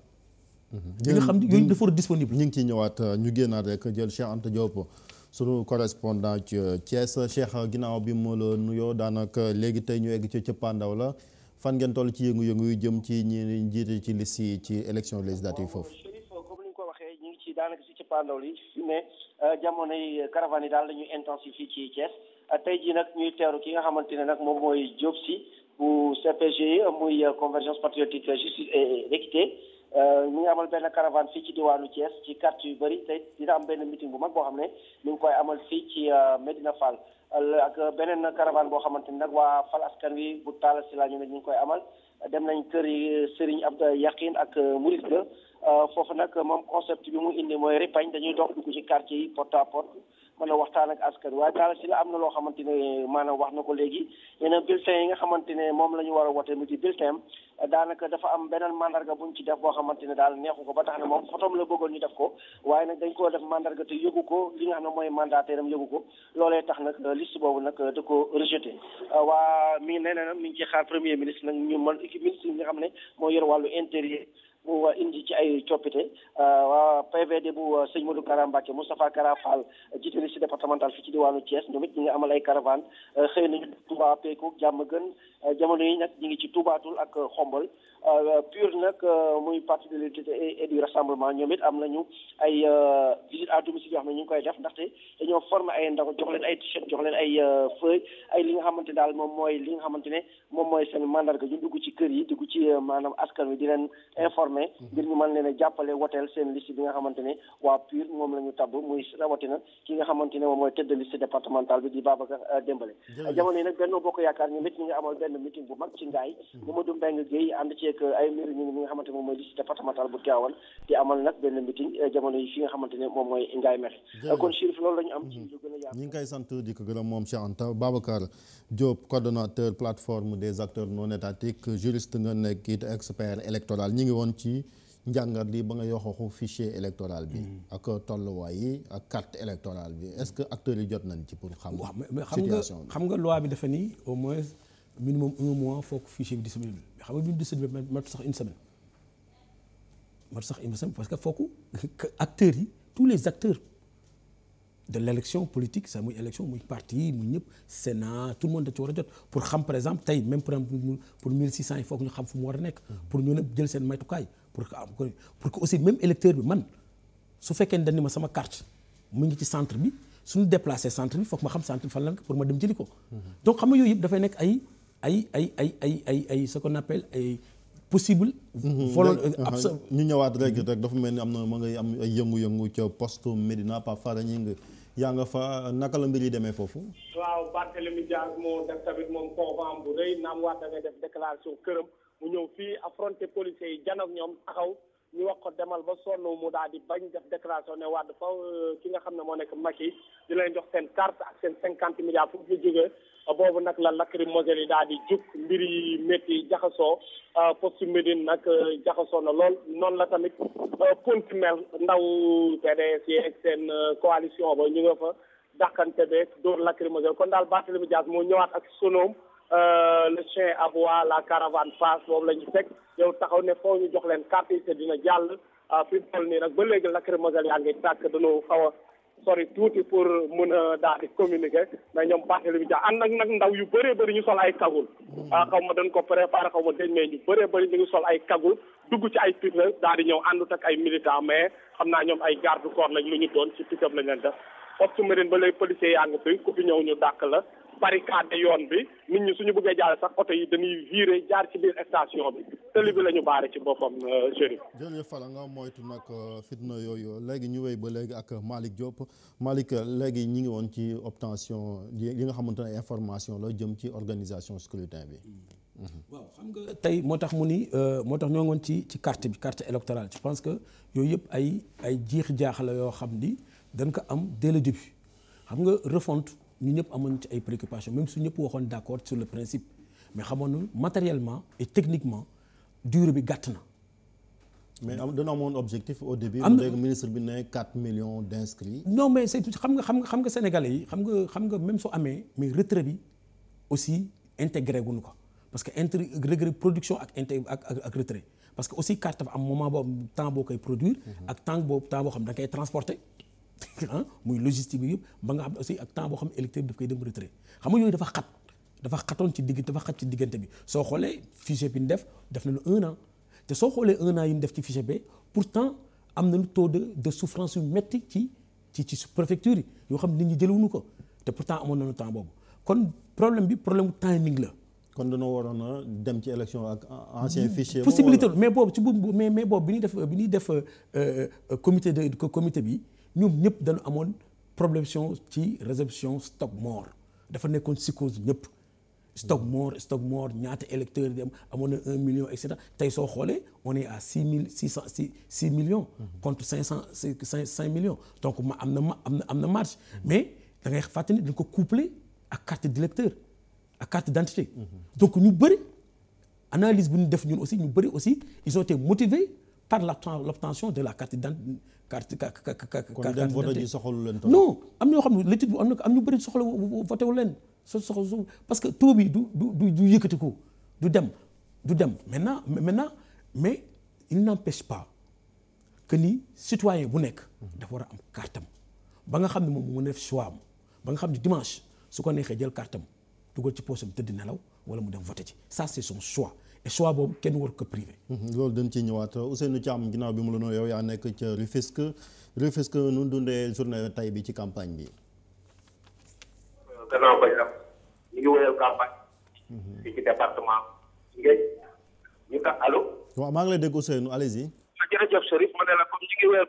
bi nga xam ne yooyu dafa disponible ñu ngi ciy ñëwaat ñu génnaat rek jël Cheikh Anta Diop sunu correspondant ci Thiès Cheikh ginnaaw bi mu la nuyoo daanaka léegi tey ñu egg ci cëppaandaw la fan ngeen toll ci yëngu-yëngu yu jëm ci ñi njiite ci liste yi ci élection législative foofu si ci pandaw li fi euh, yi daal la Euh, tey jii nag ñuy teeru ki nga xamante ne nag moom mooy Diop Sy bu CPGI muy euh, convergence patriotique euh, justice et équité ñu ngi amal benn caravane fii ci diwaanu Thiès ci quartier yu bari tey dina am benn meeting bu mag boo xam ne ñu ngi koy amal fii ci Medina Fall ak beneen caravane boo xamante ni nag waa Fal askan wi bu si Sylla ñu ne ñu ngi koy amal dem nañ kër yi Serigne Abdou Yakhine ak Mouride foofu nag moom concept bi mu indi mooy ripañ dañuy dox dugg ci quartier yi porte à mën a waxtaan ak askan waaye daal si la am na loo xamante ne maanaam wax na ko léegi nee na bulletin yi nga xamante ne moom la ñu war a wote mu di bulletin daanaka dafa am beneen mandarga bu ci def boo xamante ne daal neexu ko ba tax na moom xotom la bëggoon ñu def ko waaye nag dañ koo def mandarga te yëgu ko li nga xam ne mooy mandataire am yëgu ko loolee tax nag euh, liste boobu nag euh, da ko rejeté euh, waa mi nee na mi ngi ci xaar premier ministre nag ñu mën équipe ministre yi nga moo yor wàllu intérieur bu uh, indi ci ay coppite uh, waa PVD bu uh, sëñ Modou Kara Mbacké Moustapha Kara Fall jiite liste départemental fii ci diwaanu Thiès ñoom it ñi ngi amal ay caravane xëy nañu Touba Pékou jàmm gën jamono yi nag ñi ngi ci Toubatoul ak Xombol PUR nag muy parti de l'unité et du rassemblement ñoom it am nañu ay visite à domicile yoo xam ne ñu ngi koy def ndaxte dañoo former ay ndaw jox leen ay t-shirt jox leen ay feuille ay li nga xamante daal moom mooy li nga xamante ne moom mooy seen mandarga ñu dugg ci kër yi dugg ci maanaam askan formé ngir ñu mën leen a jàppale woteel seen liste bi nga xamante ne waa PUR moom la ñu muy rawatina ki nga xamante moom mooy tête de liste bi di Babacar euh, Dembélé jamono yi hmm. euh, euh, yi fi nga xamante moom mooy Ngaay Mexe kon Chérif loolu la am ci hmm. lu a nga nekk it expert électoral ñi ngi woon ci njàngat li ba nga yoxoxu fichier électoral bi. Mm. ak tolluwaay yi ak carte électorale bi est-ce que acteurs yi jot nañ ci pour. xam situation bi xam nga loi bi dafa nii au moins minimum un mois foog fichier bi disponible mais xam nga bi mu disponible mat sax une semaine mat sax une semaine parce que foog (laughs) acteurs yi tous les acteurs. de l' élection politique sax muy élection muy parti muy ñëpp Sénat tout le monde da ci war a jot pour xam par exemple tey même par exemple pour 1600 il faut que ñu xam fu mu war a nekk. pour ñu nag bi su fekkee ne ma sama carte mu ngi ci centre bi suñu déplacé centre bi foog ma xam centre bi fan la pour ma dem jëli ko. donc xam nga yooyu yëpp dafay nekk ay ay ay ay ay ay ay ce qu'on appelle ay. possible. folon mhm. euh, ñu ñëwaat rek rek dafa mel ni am na ma ngay am ay yëngu-yëngu ca poste Médina Pape Fara Gningue yaa nga fa naka la mbir yi demee foofu. waaw la Barthélemy Diaz moo def tamit moom convent bu rëy naam waat dafay def déclaration këram mu ñëw fii affronté policiers yi jan ak ñoom taxaw. ñu wax ko demal ba sonn mu daal di bañ def déclaration ne Wade fa euh, ki nga xam ne moo nekk Macky di leen jox seen carte ak seen cinquante milliards fu ñu jógee boobu nag la lacrymogène yi daal di jug mbir yi métti jaxasoo euh, poste Médine nag euh, jaxasoo na lool noonu la tamit ponti mel ndaw PDS yi ak seen coalition ba ñu nga fa dàqante door dóor lacrymogène kon daal Barthélémy Dias moo ñëwaat ak sonoom Euh, le chien aboie la caravane passe boobu la ñu teg yow taxaw ne foo ñu jox leen carte yi te dina jàll ah, fi mu toll nii nag ba léegi lacrymogène yaa ngi tàkk dañoo xaw a sori tuuti pour mën a daal di communiquer na ñoom Barthélémy Dias ànd ak nag ndaw yu bëree bëri ñu sol ay kagul ah, xaw ma dañ ko préparé xaw ma dañ mais ñu bëree bëri ñu ngi sol ay kagul dugg ci ay pique daal di ñëw àndut ak ay militants mais xam naa ñoom ay garde corps lañ lu ñu doon ci pick-up lañ leen def poste Médine ba léegi policiers yaa ngi ñëw ñu dàkk la barricade yoon bi nit ñi suñu bëggee jaare sax oto yi dañuy virer jaar ci biir station bi tëli bi la baare ci boppam euh, Chérif. jërëjëf Fala nga moytu nag euh, fitna yooyu léegi ñu wéy ba léegi ak Malick Diop Malick euh, léegi ñi ngi woon ci obtention li nga xamante ne information la jëm ci organisation scrutin bi. Mm-hmm. waaw xam nga tey moo tax mu ni moo tax ñoo ngoon ci ci carte bi carte électorale je pense que yooyu yëpp ay ay jiix jaax yoo xam ni dañ ko am dès le début ñu ñëpp amoon ci ay préoccupations même su ñëpp waxoon d'accord sur le principe mais xamoon matériellement et techniquement durée bi gàtt na. mais am dana amoon objectif au début. am ministre bi ne 4 millions d'inscrits. non mais c'est xam nga xam nga xam nga sénégalais yi xam nga xam nga même soo amee mais retrait bi aussi intégré wuñu ko parce que intégré production ak inté ak ak retrait parce que aussi carte dafa am moment boo am temps boo koy produire. Mhm. ak temps boo temps boo xam da nga koy transporter. muy logistique bi yëpp ba nga am aussi ak temps boo xam électeur bi daf koy dem retrait xam nga yooyu dafa xat dafa xatoon ci digg dafa xat ci diggante bi soo xoolee fichier bi ñu def def nañu un an te soo xoolee un yi ñu def ci fichier bi pourtant am nañu taux de de ci ci ci yi yoo xam nit ñi jëlewuñu ko te pourtant amoon nañu temps boobu kon problème bi problème timing la. kon dañoo waroon a dem ci élection ak ancien fichier. possibilité mais boobu ci boobu mais mais boobu bi ñuy def bi ñuy def euh, euh, comité de comité bi. ñoom ñëpp dañu amoon problème ci résorption stock mort dafa nekkoon psychose ñëpp. stock mm. mort stock mort ñaata électeur yi am amoon na un million et cetera tey soo xoolee on est à six mille six cent six six millions. Mm. contre cinq cent cinq cinq millions. donc ma am na ma am na am na marge. Mm. mais da ngay fàttali dañ ko couplé ak carte d'électeur ak carte d'identité. Mm-hmm. donc ñu bëri analyse bu ñu def ñun aussi ñu bëri aussi ils ont été motivés. par l'obtention de la carte d'identité carte carte kon dem vote ji soxalu leen. non am na yoo xam ne l'étude am na am ñu bëri soxla leen so parce que taux bi du du du yëkkati ko du dem du dem maintenant maintenant mais il n'empêche pas que ni citoyen bu nekk. dafa war am carte ba nga xam ne moom mu def choix am ba nga xam ne dimanche su ko neexee jël kartam am dugal ci poosam tëdd nelaw wala mu dem voté ci ça c'est son choix. et boobu kenn war privé. Mhm, loolu dañ ciy ñëwaat Ousseynou am ginnaaw bi mu la noo yow yaa nekk ca Rufisque Rufisque nu dundee journée tay bi ci campagne bi. gannaaw ngi wéyal campagne. Mhm. Ah, la comme ñu ngi wéyal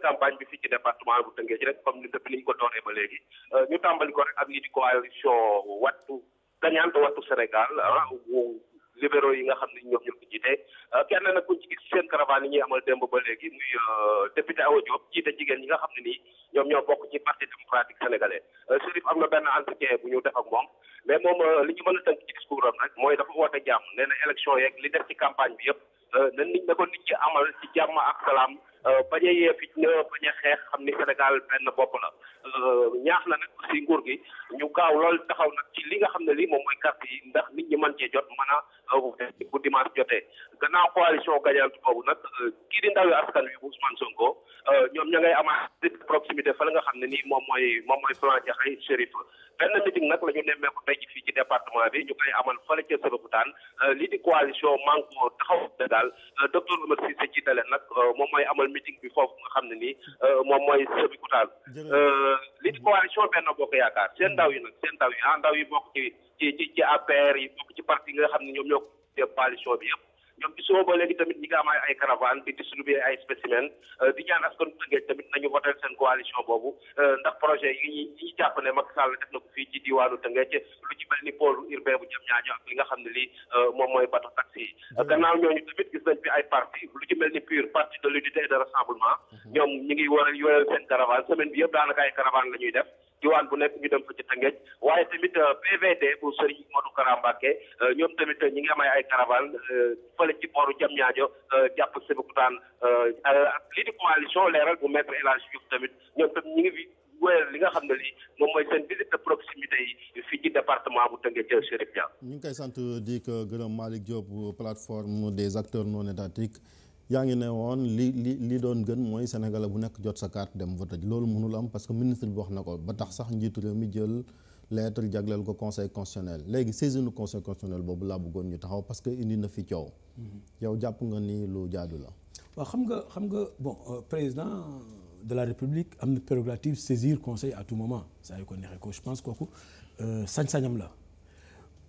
campagne bi fii ci département bu Tëngéej rek comme ni depuis ko doonee ba léegi euh, ñu tàmbali ko rek ak ñi di coalition wattu gagnante wattu Sénégal ah, libéraux yi nga xam ne ñoom ñoo ko jiite euh, kenn nag kuñ ci gis seen caravane yi ñuy amal démb ba léegi muy euh, député Awa Diop jiite jigéen ñi nga xam ne nii ñoom ñoo bokk ci parti démocratique sénégalais euh, Chérif am na benn entretien bu ñu def ak moom mais moom li ñu mën a tënk ci discours am rek mooy dafa woote jàmm nee na élection yeeg li def ci campagne bi yëpp na nit na ko nit ci amal ci jàmm ak salaam Euh, bañ a yee fitna bañ a xeex xam ni Sénégal benn bopp la euh, ñaax la nag aussi nguur gi ñu gaaw lool taxaw nag ci li nga xam ne lii moom mooy carte yi ndax nit ñi man cee jot mën a euh, bu dimanche jotee gannaaw coalition gagnante boobu nag kii di ndawi askan wi Ousmane Sonko ñoom ña ngay amaat proximité fa la nga xam ne nii moom mooy moom mooy plan Jaxaay Chérif benn meeting nag la ñu nemmeeku tey fii ci département bi ñu koy amal fële ca Sébikotane li di coalition Manko taxaw Sénégal docteur meeting bi foofu nga xam ne nii euh, moom mooy Sébikotane euh, li di coalition Benno Bokk Yaakaar seen ndaw yi nag seen ndaw yi ah ndaw yi bokk ci ci ci APR yi bokk ci parti nga xam ne ñoom ñoo ko coalition bi ñoom ci suba ba léegi tamit ñi nga am ay caravane di distribuer ay spécimen euh, di ñaan askan Tëngéej tamit nañu voté seen coalition boobu euh, ndax projet yi ñi ñi jàpp ne Macky Sall def fii ci diwaanu Tëngéej lu ci mel ni pôle urbain bu jëm ñaaño ak li nga xam ne lii euh, moom mooy bateau taxi yi gannaaw ñooñu tamit gis nañ fi ay parti lu ci mel ni PUR parti de l'unité et de rassemblement ñoom ñi ngi waral yoreel seen caravane semaine bi yëpp daanaka ay caravane la ñuy def diwaan bu nekk ñu dem fa ci Tëngéej waaye tamit euh, PVD bu Serigne Modou Kara Mbacké euh, ñoom tamit ñi ngi am ay caravane euh, fële ci booru Diamniadio jàpp Sébikotane ak lii di coalition leeral bu maître El Hadj tamit ñoom tamit ñi ngi fi li nga xam ne lii moom mooy seen visite de proximité yi fii ci département bu Tëngéej Chérif Dia. ñu ngi koy sant di ko gërëm Malick Diop plateforme des acteurs non étatiques. yaa ngi ne woon li li li doon gën mooy sénégalais bu nekk jot sa carte dem vote loolu mënul am parce que ministre bi wax na ko ba tax sax njiitu réew mi jël lettre jagleel ko conseil constitutionnel léegi saisine conseil constitutionnel boobu laa bëggoon ñu taxaw parce que indi na fi coow. Mm-hmm. yow jàpp nga ni lu jaadu la. waaw xam nga xam nga bon euh, président de la république am na prérogative saisir conseil à tout moment saa yu ko neexee ko je pense kooku euh, sañ-sañam la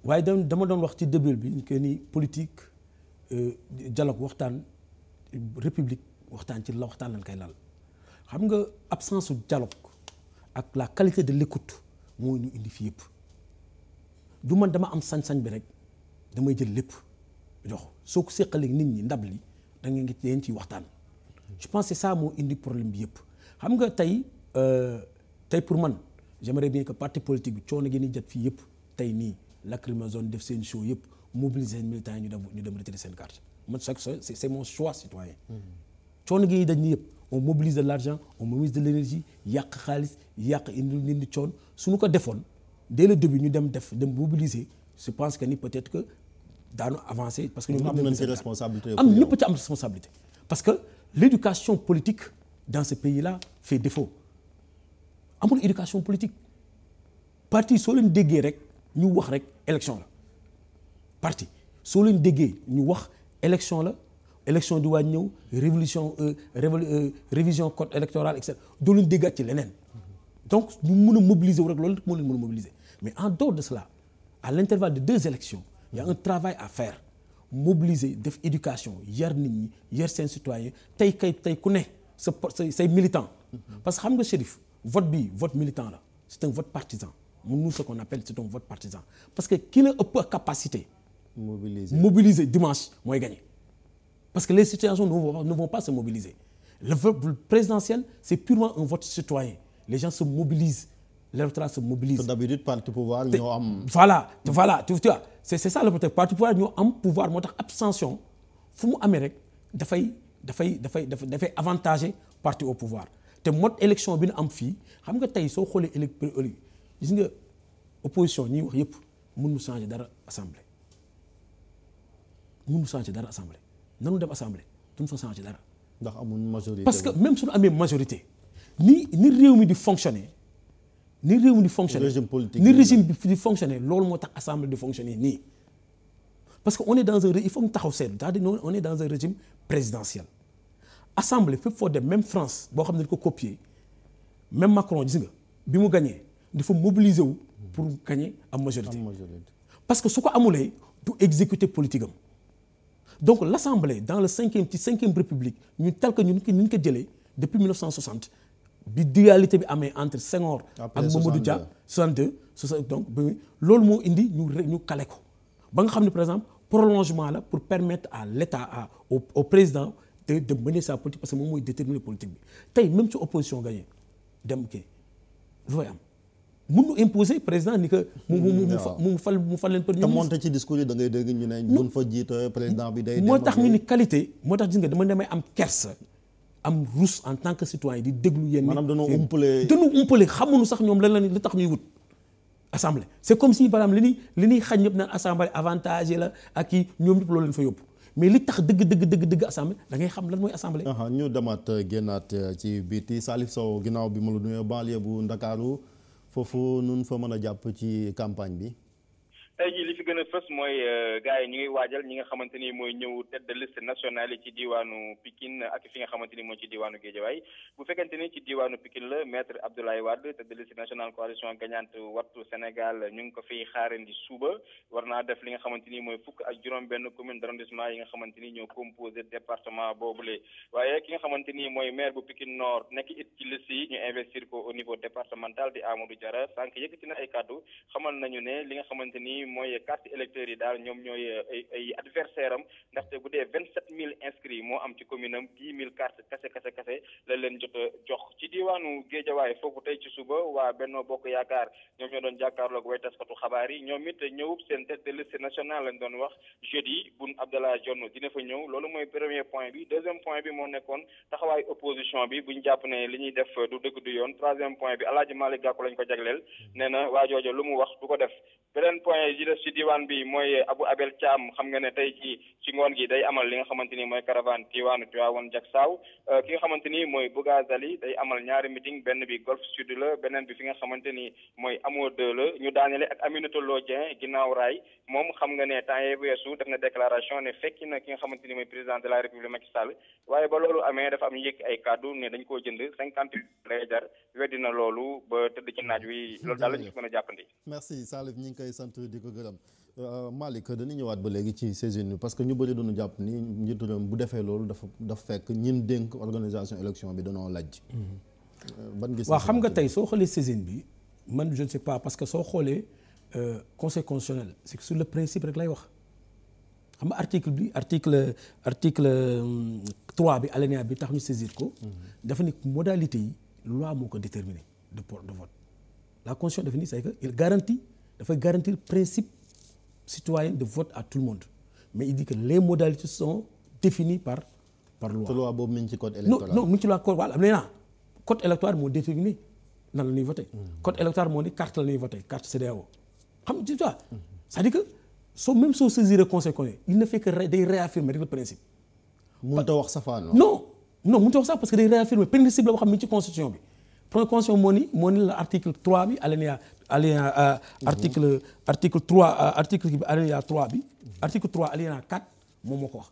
waaye dama doon wax ci début bi que ni politique euh, dialogue waxtaan. république waxtaan ci la waxtaan lañ koy lal xam nga absence su dialogue ak la qualité de l'écoute mooy ñu indi fii yëpp du man dama am sañ-sañ bi rek damay jël lépp jox soo ko séqalee nit ñi ndab li da ngeen ngi leen ciy waxtaan je pense que ça moo indi problème bi yëpp xam nga tey euh, tey pour man j'aimerais bien que parti politique bi coono gi ni jot fii yëpp tey nii lacrymogène def seen show yëpp mobiliser militants yi ñu dem ñu dem retirer seen carte man chaque c'est mon choix citoyen coono gi dañ ni yëpp on mobilise de l'argent on mobilise de l'énergie yàq xaalis yàq indi nit ñi su suñu ko defoon dès le debut ñu dem def dem mobiliser je pense que ni peut-être que daanu avancer parce que ñun am nañ ci responsabilité am ñëpp ci am responsabilité parce que l'éducation politique dans ce pays la fait défaut amul éducation politique parti soo leen déggee rek ñu wax rek élection la parti soo leen déggee ñu wax élection la élection di waa ñëw révolution euh, euh, révision code électoral et cetera doo leen déggaat ci leneen donc ñu mun a mobiliser wu rek loolu rek moo leen mën a mobiliser mais en dehors de cela à l'intervalle de deux élections il y un travail à faire mobiliser def éducation yar nit ñi yar seen citoyen tey kay tey ku ne sa say say militant parce que xam nga Chérif vote bi vote militant la c'est un vote partisan mun nous ce qu'on appelle c'est un vote partisan parce que ki la ëpp capacité mobiliser mobiliser dimanche mooy gagné parce que les situations ne vont pas ne vont pas se mobiliser le vote présidentiel c'est purement un vote citoyen les gens se mobilisent l'électorat se mobilise. te d'habitude parti pouvoir ñoo am. voilà voilà tu vois c'est c'est ça le problème parti pouvoir ñoo am pouvoir moo tax abstention fu mu amee rek dafay dafay dafay dafay avantager parti au pouvoir te mode élection bi nu am fii xam nga tey soo xoolee élec gis nga opposition ñi wax yëpp mënuñu changer dara assemblée. mënu changer dara assemblée nanu dem assemblée duñ fa changer dara. ndax amul majorité parce que même suñu amee majorité ni ni réew mi di fonctionner ni réew mi di fonctionner régime politique ni régime bi di fonctionner loolu moo tax assemblée di fonctionner nii. parce que on est dans un il faut ñu taxaw seetlu c'est-à-dire on est dans un régime foo dem même France boo xam ne di ko copier même Macron gis nga bi mu gagné dafa mobiliser wu. pour gagner am majorité. majorité parce que su ko amulee du exécuter politique donc l' assemblée dans le cinquième ci cinquième république ñu tel que ñun ñu ko jëlee depuis 1960 bi dualité bi amee entre Senghor. ak Mamadou Dia 62 62 donc loolu moo indi ñu rek ñu kale ko ba nga xam ne par exemple prolongement la pour permettre a l' état à au président de de sa politique parce que moom mooy déterminer politique bi tey même su opposition gañee dem kii am. mun nu imposer président ni que. mu mu mu hmm, fal mu fal leen premier ministre. te monté ci discours yi da ngay dégg ñu ne. buñ moo tax ñu ni qualité moo tax gis en tant que citoyen di déglu yenn. maanaam dañoo umpale ñoom lan la li tax ñuy wut. comme si li ñuy li ñuy xaj ñëpp naan assemblée avantage la ak kii ñoom mais li tax dëgg dëgg dëgg dëgg assemblée da ngay xam lan mooy assemblée. ñu demaat génnaat ci biiti Salif Sow ginnaaw bi ma la nuyoo banlieue bu Ndakaaru. foofu nun fa mën a jàpp ci campagne bi tey jii li fi gën a fës mooy euh, gars yi ñu ngi waajal ñi nga xamante ni mooy ñëw tête de liste nationale yi ci diwaanu Pikine ak fi nga xamante ni mooy ci diwaanu Guédiawaye bu fekkente ni ci diwaanu Pikine la maître Abdoulaye Wade tête de liste coalition gagnante wattu Sénégal ñu ngi ko fiy xaarandi suba war def li nga xamante ni mooy fukk ak juróom-benn commune d' arrondissement yi nga xamante ni ñoo composé département boobule waaye ki nga xamante ni mooy maire bu Pikine Nord nekk it ci liste yi ñu investir ko au niveau départemental di Amadou Diarra sànq yëkkati na ay mooy carte électeurs yi daal ñoom ñooy euh, ay ay ndaxte bu dee vingt sept mille inscrits moo am ci commune am dix mille cartes kase kase kase la leen jot a jox ci diwaanu Géejawaay foofu tey ci suba waa Benno Bokk Yaakaar ñoom ñoo doon jàkkaarloog way taskatu xabaar yi ñoom it ñëwub seen tête de liste nationale lañ doon wax jeudi Boun Abdallah Dionne dina fa ñëw loolu mooy premier point bi deuxième point bi moo nekkoon taxawaay opposition bi buñ jàpp ne li ñuy def du dëgg du yoon troisième point bi Alaaji Malick Gakou lañ ko jagleel mm. nee na waa joojo lu mu wax du ko def li des ci diwaan bi mooy Abou Abel Thiam xam nga ne tey ci ci ngoon gi day amal li nga xamante ni mooy caravane diwaanu Tivaouane jak saaw euh, ki nga xamante ni mooy Bougazali day amal ñaari meeting benn bi Golf Sud la beneen bi fi nga xamante ni mooy amoo 2 la ñu daanele ak Aminata Lo Dieng ginnaaw raay moom xam nga ne temps yee weesu def na déclaration ne fekki na ki nga xamante ni mooy président de la République Macky Sall waaye ba loolu amee dafa am ay kàddu ne dañ koo jënd cinquante lay jar weddi na loolu ba tëdd ci naaj wi (laughs) loolu daal la ñu a jàppandi di ko gërëm euh, Malick dañu ñëwaat ba léegi ci saisine bi parce que ñu bëri doonu jàpp ni njiitu réew bu defee loolu dafa dafa fekk ñin dénk organisation élection bi danoo lajj. Mm-hmm. Euh, ban gis waaw xam nga tey soo xoolee saisine bi man je ne sais pas parce que soo xoolee euh, conseil constitutionnel c'est que su le principe rek lay wax xam nga article bi article article 3 bi alinéa bi tax ñu saisir ko. Mm-hmm. dafa nekk modalité yi loi moo ko déterminer de port de vote la constitution dafay garantir principe citoyen de vote à tout le monde mais il dit que les modalités sont définies par par loi. te loi boobu mu ngi ci code électoral. non non mu ngi na code électoral moo déterminé nan la ñuy voté. Hmm. code électoral moo ni carte la ñuy voté carte CEDEAO xam nga soo même soo saisir conseil il ne fait day réaffirmer rek le principe. mënut a wax safaan non non mënut a wax sax parce que day réaffirmer principe la boo xam ne ci constitution bi. premier constitution moo ni moo ni la article 3 alinéa euh, article article 3 euh, article bi alinéa 3 bi article 3 alinéa 4 moom moo ko wax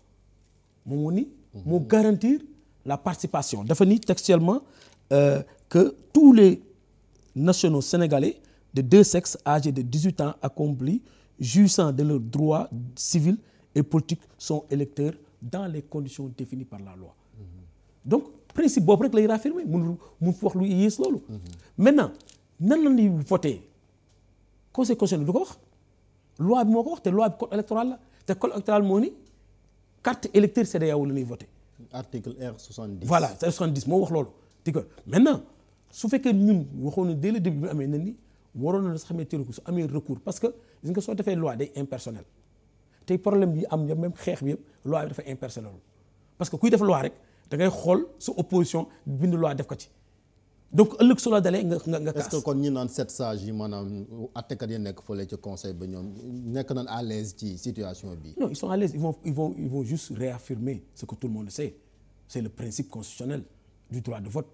moom moo ni moo garantir la participation dafa ni textuellement euh, que tous les nationaux sénégalais de deux sexes âgés de 18 ans accomplis jouissant de leurs droits civils et politiques son électeurs dans les conditions définies par la loi mm-hmm. donc principe boobu rek lay raffirmer mun fi wax lu yées loolu mm-hmm. maintenant nan la ñuy voté conseil constitutionnel du ko wax loi bi moo ko wax te loi bi code électoral la te code électoral moo ni carte électeur CEDEAO la ñuy voté. article R70. voilà R70 moo wax loolu. di ko maintenant su fekkee ñun waxoon na dès le bi amee na ni waroon na sax amee recours su amee recours parce que gis nga soo defee loi day impersonnel tey problème bi am yëpp même xeex bi yëpp loi bi dafa impersonnel parce que kuy def loi rek da ngay xool sa opposition bind loi def ko donc ëllëg su la dalee nga nga nga kaas. kon ñi naan sept sages yi maanaam àttekat yi nekk fële ci conseil ba ñoom nekk nañ à l'aise ci situation bi. non ils sont à l'aise ils vont ils vont ils vont le monde sait c'est le principe constitutionnel du droit de vote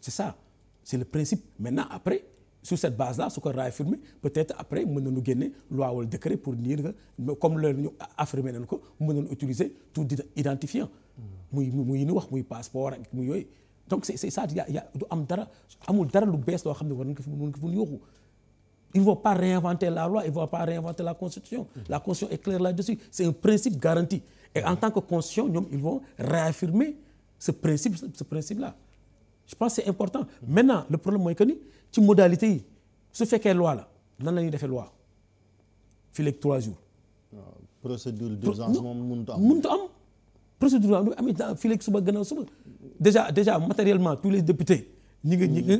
c'est ça c'est le principe maintenant après su cette base-là su ko réaffirmer peut-être après mën nañu génne loi wala décret pour dire que comme loolu ñu affirmer nañ ko mën nañu utiliser tout identifiant. Hmm. muy muy yi ñu wax muy passeport ak muy yooyu. donc c'est ça y a y a am dara amul dara lu bees loo xam ne war nañ ko fi mën ko fi yóoxu pas réinventer la loi ils ne vont pas réinventer la constitution mm-hmm. la constitution est claire là-dessus c'est un principe garanti et mm-hmm. en tant que constitution ñoom ils vont réaffirmer ce principe ce principe là je pense c'est important mm-hmm. maintenant le problème mooy que ni ci modalité yi su fekkee loi la nan la ñuy defee loi fii léegi trois jours. procédure d'urgence moom mënut a am mënut a am procédure d'urgence am fii léegi suba gën a suba. déjà déjà matériellement tous les députés. ñu nga ñi nga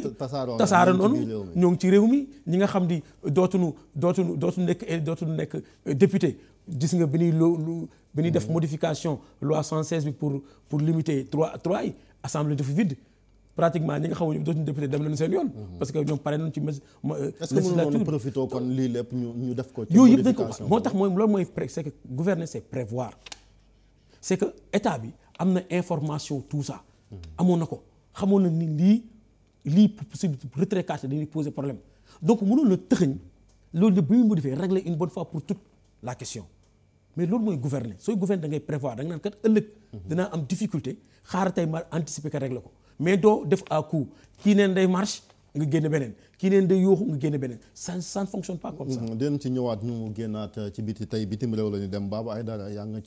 tasaare noonu ñoo ngi ci réew mi ñi nga xam ni dootuñu dootuñu dootuñu nekk dootuñu nekk euh, député gis nga bi ñuy loo lu bi ñuy def mhm. modification loi 116 bi pour pour limiter trois trois yi assemblée dafa pratiquement ñi nga xam ne dootuñu député dem nañu seen yoon. Mhm. parce que ñoom pare nañu ci mes. Euh, législature est ñu ñu ko. ci yooyu yëpp dañ ko moo tax mooy loolu mooy c'est que gouverner c'est prévoir c'est que état bi am na information tout ça. amoon na ko xamoon na ni lii lii possibilité bu retrait carte dañuy poser problème donc mënoon la tëxañ loolu yëpp bu ñu defee régler une bonne fois pour toute la question mais loolu mooy gouverner sooy gouverner da ngay prévoir da nga naan kat ëllëg dinaa am difficulté xaar tey ma anticiper ka régler ko mais doo def à coup kii neen day marche nga génn beneen kii neen day yooxu nga génn beneen ça ça ne fonctionne pas comme ça. Mm-hmm. dinañ ci ñëwaat ñu génnaat ci tey bitim réew la ñu dem Baba Aïdara yaa nga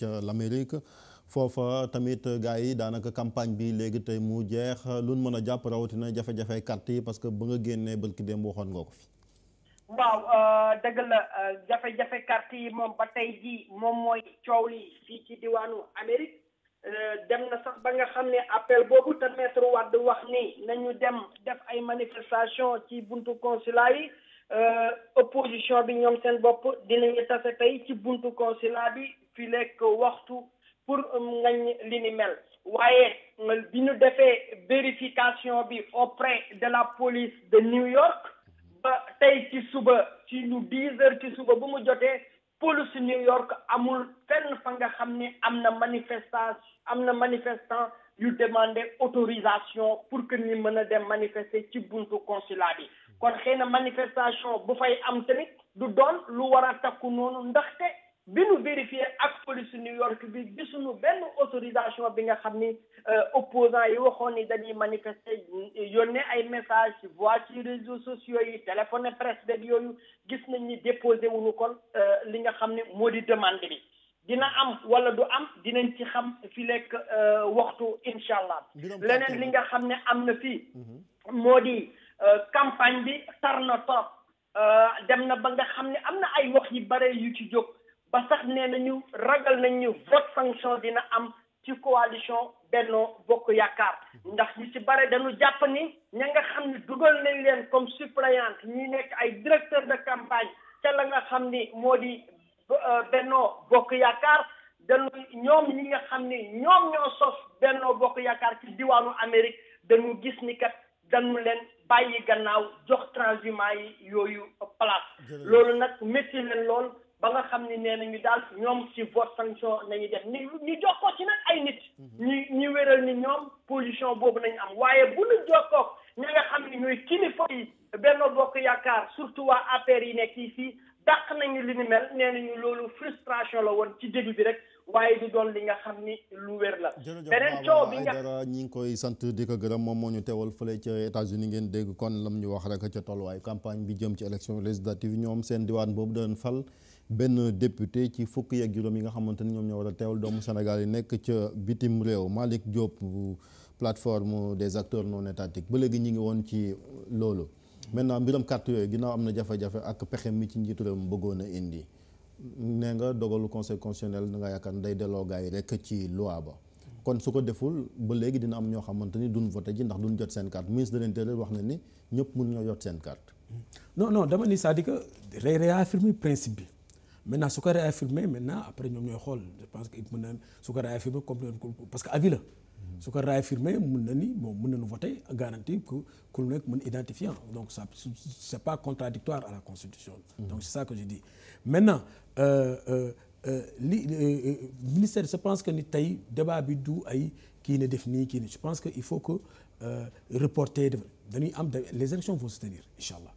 foofa tamit gars yi daanaka campagne bi léegi tey mu jeex lu mën a jàpp rawatina jafe-jafe carte yi parce que ba nga génnee bërki démb waxoon nga ko fi. waaw euh, dëgg la euh, jafe-jafe carte yi moom ba tey jii moom mooy coow li fii ci diwaanu Amérique euh, dem na sax ba nga xam ne appel boobu te maître Wade wax ni nañu dem def ay manifestation ci buntu consulat yi opposition bi ñoom seen bopp dinañu tase tey ci buntu consulat bi fii lekk waxtu. pour ngañ li ni mel waaye bi ñu defee vérification bi auprès de la police de New York ba tey ci suba ci lu dix heures ci suba bu mu jotee police New York amul fenn fa nga xam ne am na manifesta am na manifestant yu demandé autorisation pour que ni mën a dem manifester ci buntu consulat bi kon xëy manifestation bu fay am tamit du doon lu war takku noonu ndaxte bi nu vérifié ak police New York bi gisuñu benn autorisation bi nga xam ni euh, opposants yi waxoon ni dañuy manifester yónnee ay message voix ci réseaux sociaux yi téléphone presse beeg yooyu gis nañ ni déposé wuñu kon euh, li nga xam ne moo di demande bi dina am wala du am dinañ ci xam fi lekk euh, waxtu incha allah leneen li nga xam ne am na fii mhm. moo di campagne bi tar na trop dem na ba nga xam ne am na ay wax yi bare yu ci jóg ba sax nee nañu ragal nañ ñu vote sanction dina am ci coalition Benno Bokk Yaakaar ndax ñu ci bare dañu jàpp ni ña nga xam ne dugal nañ leen comme suppléante ñi nekk ay directeur de campagne ca la nga xam ni moo di euh, Benno Bokk Yaakaar dañu ñoom ñi nga xam ni ñoom ñoo sos Benno Bokk Yaakaar ci diwaanu Amérique dañu gis ni kat dañu leen bàyyi gannaaw jox transhumants yi yooyu place loolu nag métti leen lool ba nga xam ne nee nañu daal ñoom ci vote sanction nañu def ni ñu jokkoo ci nag ay nit ñu mhm. ñu wéral ni ñoom position boobu nañu am waaye bu ñu jokkook ña nga xam ne ñooy kilifa yi Benno Bokk Yaakaar surtout waa APR yi nekk yi fii dàq nañu li ni mel nee nañu loolu frustration la woon ci début bi rek waaye du doon li nga xam ni lu wér la. beneen coow bi nga ñi koy sant di ko gërëm moom moo ñu teewal fële ca États-Unis ngeen dégg kon lam ñu wax rek ñoom seen diwaan boobu doon fal. benn député ci fukk yeeg juróom yi nga xamante ni ñoom ñoo war a teewal doomu Sénégal yi nekk ca bitim réew Malick Diop bu plateforme des acteurs non étatiques ba léegi ñu ngi woon ci loolu. maintenant mbiram carte yooyu ginnaaw am na jafe-jafe ak pexe mi ci njiitu réew mu bëggoon a indi ne nga dogalu conseil constitutionnel da nga yaakaar day delloo gars yi rek ci loi ba. kon su ko deful ba léegi dina am ñoo xamante ni duñ voté ji ndax duñ jot seen carte ministre de wax na ni ñëpp ñoo jot seen carte. non non maintenant su ko réaffirmé maintenant après ñoom ñooy xool je pense que mën na su ko réaffirmé comme parce que avis la su ko réaffirmé mun na ni bon mën nañu voter garantie que ku lu nekk mën identifiant donc ça c'est pas contradictoire à la constitution hmm. donc c'est ça que je dis maintenant euh, euh, euh, li ministère je pense que ni tey débat bi du ay kii ne def nii kii ne je pense que il faut que reporter dañuy am les élections vont se tenir incha allah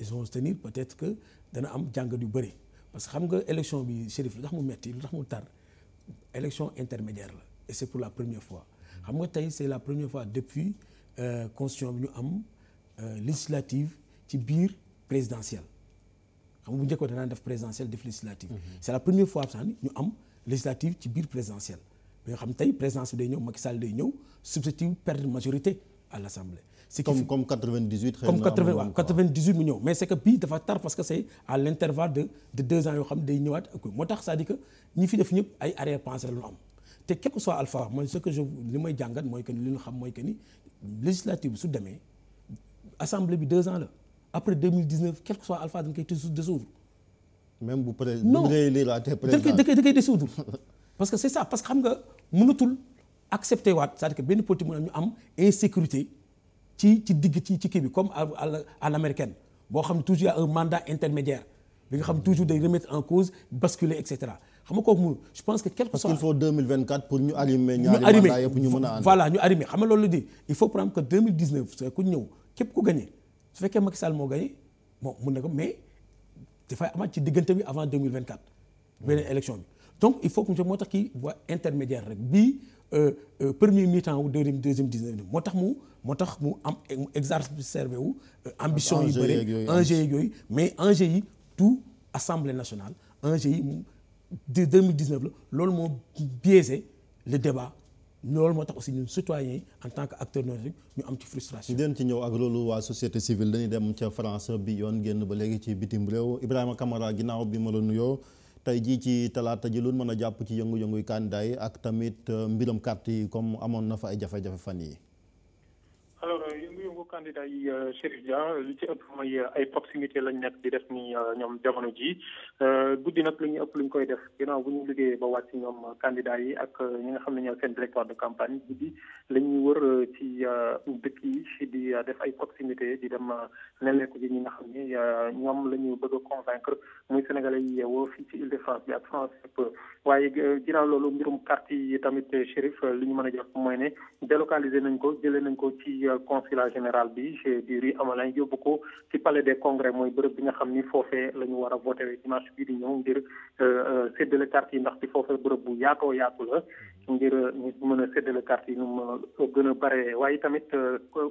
ils vont se tenir peut-être que dana am jàngat yu bëri parce que xam nga élection bi Chérif lu tax mu metti lu tax mu tar élection intermédiaire la et c'est pour la première fois xam nga tey c'est la première fois depuis euh, constitution bi ñu am euh, législative ci biir présidentielle xam nga bu njëkkoon def présidentielle def législative mhm. c'est la première fois sax ñu am législative ci biir présidentielle bi nga xam tey présidence bi day ñëw Macky Sall day ñëw substitut perdre majorité à l'Assemblée c'est comme comme 98. xëy na comme 80 mu ñëw mais c'est que bii dafa tar parce que c'est à l'intervalle de deux ans yoo xam day ñëwaat moo tax cest à ñi fi def ñëpp ay arrière-pensée la am te quel soit alpha mooy ce que je li may jàngat mooy que li ñu xam mooy que ni législative bi su demee assemblée bi deux ans la après 2019 quel que soit alpha dañ parce que c'est ça parce que xam nga mënatul accepter waat c'est-à-dire que benn politique mu ñu am insécurité. ci ci digg ci ci kii bi comme à l'américaine boo xam ne toujours y a mandat intermédiaire bi nga xam toujours day remettre en cause basculer et cetera xam nga kooku pense que quelque soit parce qu'il faut 2024 pour ñu arrimer ñu mën a ànd voilà ñu arrimer xam nga loolu la di il faut prendre que soo ku ñëw képp ku gagné su fekkee Macky moo gagné bon mun na ko mais dafay amaat ci diggante bi avant 2024 beneen élection bi donc il faut que ñu moo tax ki voie intermédiaire rek bii Euh, euh, premier mi-temps wu deuxième deuxième dix-neuvième moo tax mu moo tax mu am exacerbé wu euh, ambition yu bëri enjeu yeeg yooyu mais enjeu yi tout assemblée nationale enjeu yi de 2019 la loolu moo biaisé le débat loolu moo tax aussi ñun citoyens en tant que acteur non ñu am ci frustration. ñu den ci ñëw ak loolu waa société civile dañuy dem ca France bi yoon génn ba léegi ci bitim réew Ibrahima Camara ginnaaw bi ma la nuyoo. tey jii ci talaata ji lu mën a jàpp ci yëngu-yënguy candidat ak tamit euh, mbiram carte yi comme amoon na fa ay jafe-jafe fan yi candidat yi euh, Chérif Dia li ci ëpp mooy euh, ay proximité lañ nekk di def ni euh, ñoom jamono ji guddi nag lu ñu ëpp lu ñu koy def ginnaaw bu ñu liggéeyee ba wàcc ñoom candidat yi ak ñi nga xam ne de campagne guddi la ñuy wër ci dëkk yi di def ay di dem nemmeeku ñoom la ñu bëgg a convaincre muy sénégalais yi yeewoo fii ci Île-de-France bi ak France yëpp waaye ginnaaw loolu mbirum carte tamit Chérif li ñu mën a jàpp mooy ne délocalisé nañ ko jëlee nañ ko ci consulat général électorale bi di Rue Amalin yóbbu ko ci palais des congrès mooy bërëb bi nga xam ni foofee la ñu war a dimanche bii ñëw ngir euh, euh, séddale carte yi ndax ci foofee bërëb bu yaatoo yaatu la ngir euh, mën a séddale carte yi nu mu gën a bare waaye tamit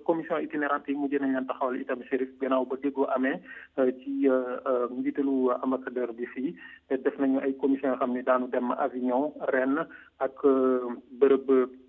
commission itinérante yi mujj nañ leen taxawal itam Chérif gannaaw ba déggoo amee ci njiitalu ambassadeur bi fii def nañu ay commission yoo xam ne daanu dem Avignon Rennes ak bërëb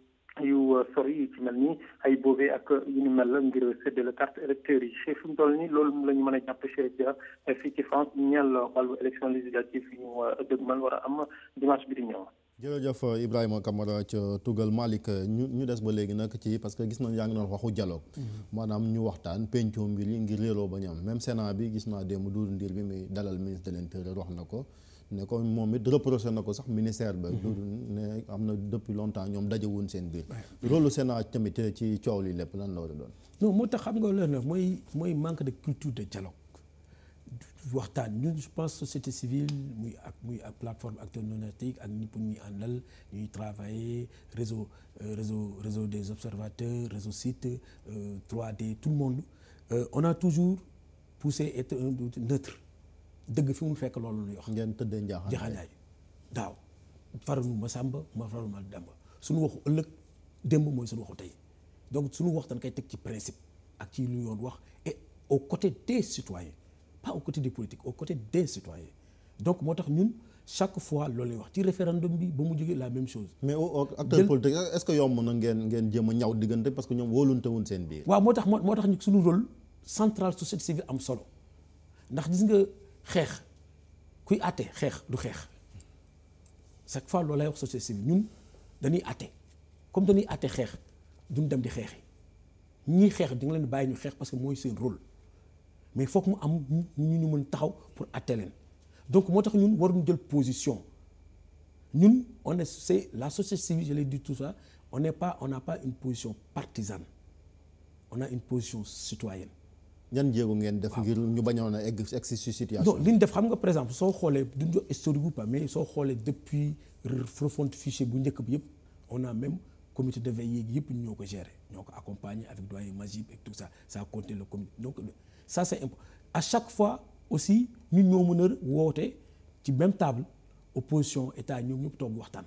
yu euh, sori yi ci mel ni ay boobee ak yu ni mel ngir séddale carte électeur yi fi mu toll nii loolu la ñu mën a jàpp Cheikh euh, Dia fii ci France ñeel wàllu élection législative yu euh, dëgmal war a am dimanche bi di ñëw. jërëjëf Ibrahima Kamara ca Tugal Malick ñu ñu des ba léegi nag ci parce que gis nañu yaa ngi doon waxu dialogue mm-hmm. maanaam ñu waxtaan pencoo mbir yi ngir réeroo ba ñu am bi gis naa démb Doudou Ndir bi muy dalal ministre de l'intérieur wax na ko. ne ko moom it reproché na ko sax ministère ba du mhm. ne am na depuis longtemps ñoom daje woon seen biir seen Sénat tamit ci coow li lépp lan la war a doon non moo tax xam nga lan ne mooy mooy manque de culture de dialogue waxtaan ñun je pense société civile muy ak muy ak plateforme acteurs non étatiques ak ñëpp ñuy àndal ñuy travailler réseau euh, réseau réseau des observateurs réseau site 3D euh, tout le monde euh, on a toujours poussé être neutre dëgg fi mu fekk loolu lu yox ngeen tëddee njaxanaay daaw faralu ma sàmba ma faralu ma demba suñu waxu ëllëg démb mooy suñu waxu tey donc suñu wax dañ koy teg ci principe ak ci lu yoon wax et au côté des citoyens pas au côté des politiques au côté des citoyens donc moo tax ñun chaque fois loolu lay wax ci référendum bi ba mu jógee la même chose. mais acteur politique est-ce que yomb na ngeen ngeen jéem a ñaw diggante parce que ñoom wóolunte woon seen biir. waaw moo tax moo tax ñu suñu rôle central société civile am solo ndax gis nga. xeex kuy àtte xeex du xeex chaque fois loolu lay wax société civile ñun dañuy àtte comme dañuy àtte xeex duñ dem di xeexi ñuy xeex di nga leen bàyyi ñu xeex parce que mooy seen rôle mais foog mu am ñu ñu mën taxaw pour àtte leen donc moo tax ñun waruñu jël position ñun on est c'est la société civile je l'ai dit tout ça on n'est pas on n'a pas une position partisane on na une position citoyenne ñan jéego ngeen def ngir ñu bañoon a egg egg si situation. non li ñu def xam nga par exemple soo xoolee duñ jox historique bu pas mais soo xoolee depuis refonte fichier bu njëkk bi yëpp on a même comité de veille yeeg yëpp ñoo ko gérer ñoo ko accompagner avec doyen Magib et tout ça ça a compté le comité donc ça c'est important à chaque fois aussi ñun ñoo mën a woote ci même table opposition état ñoom ñëpp toog waxtaan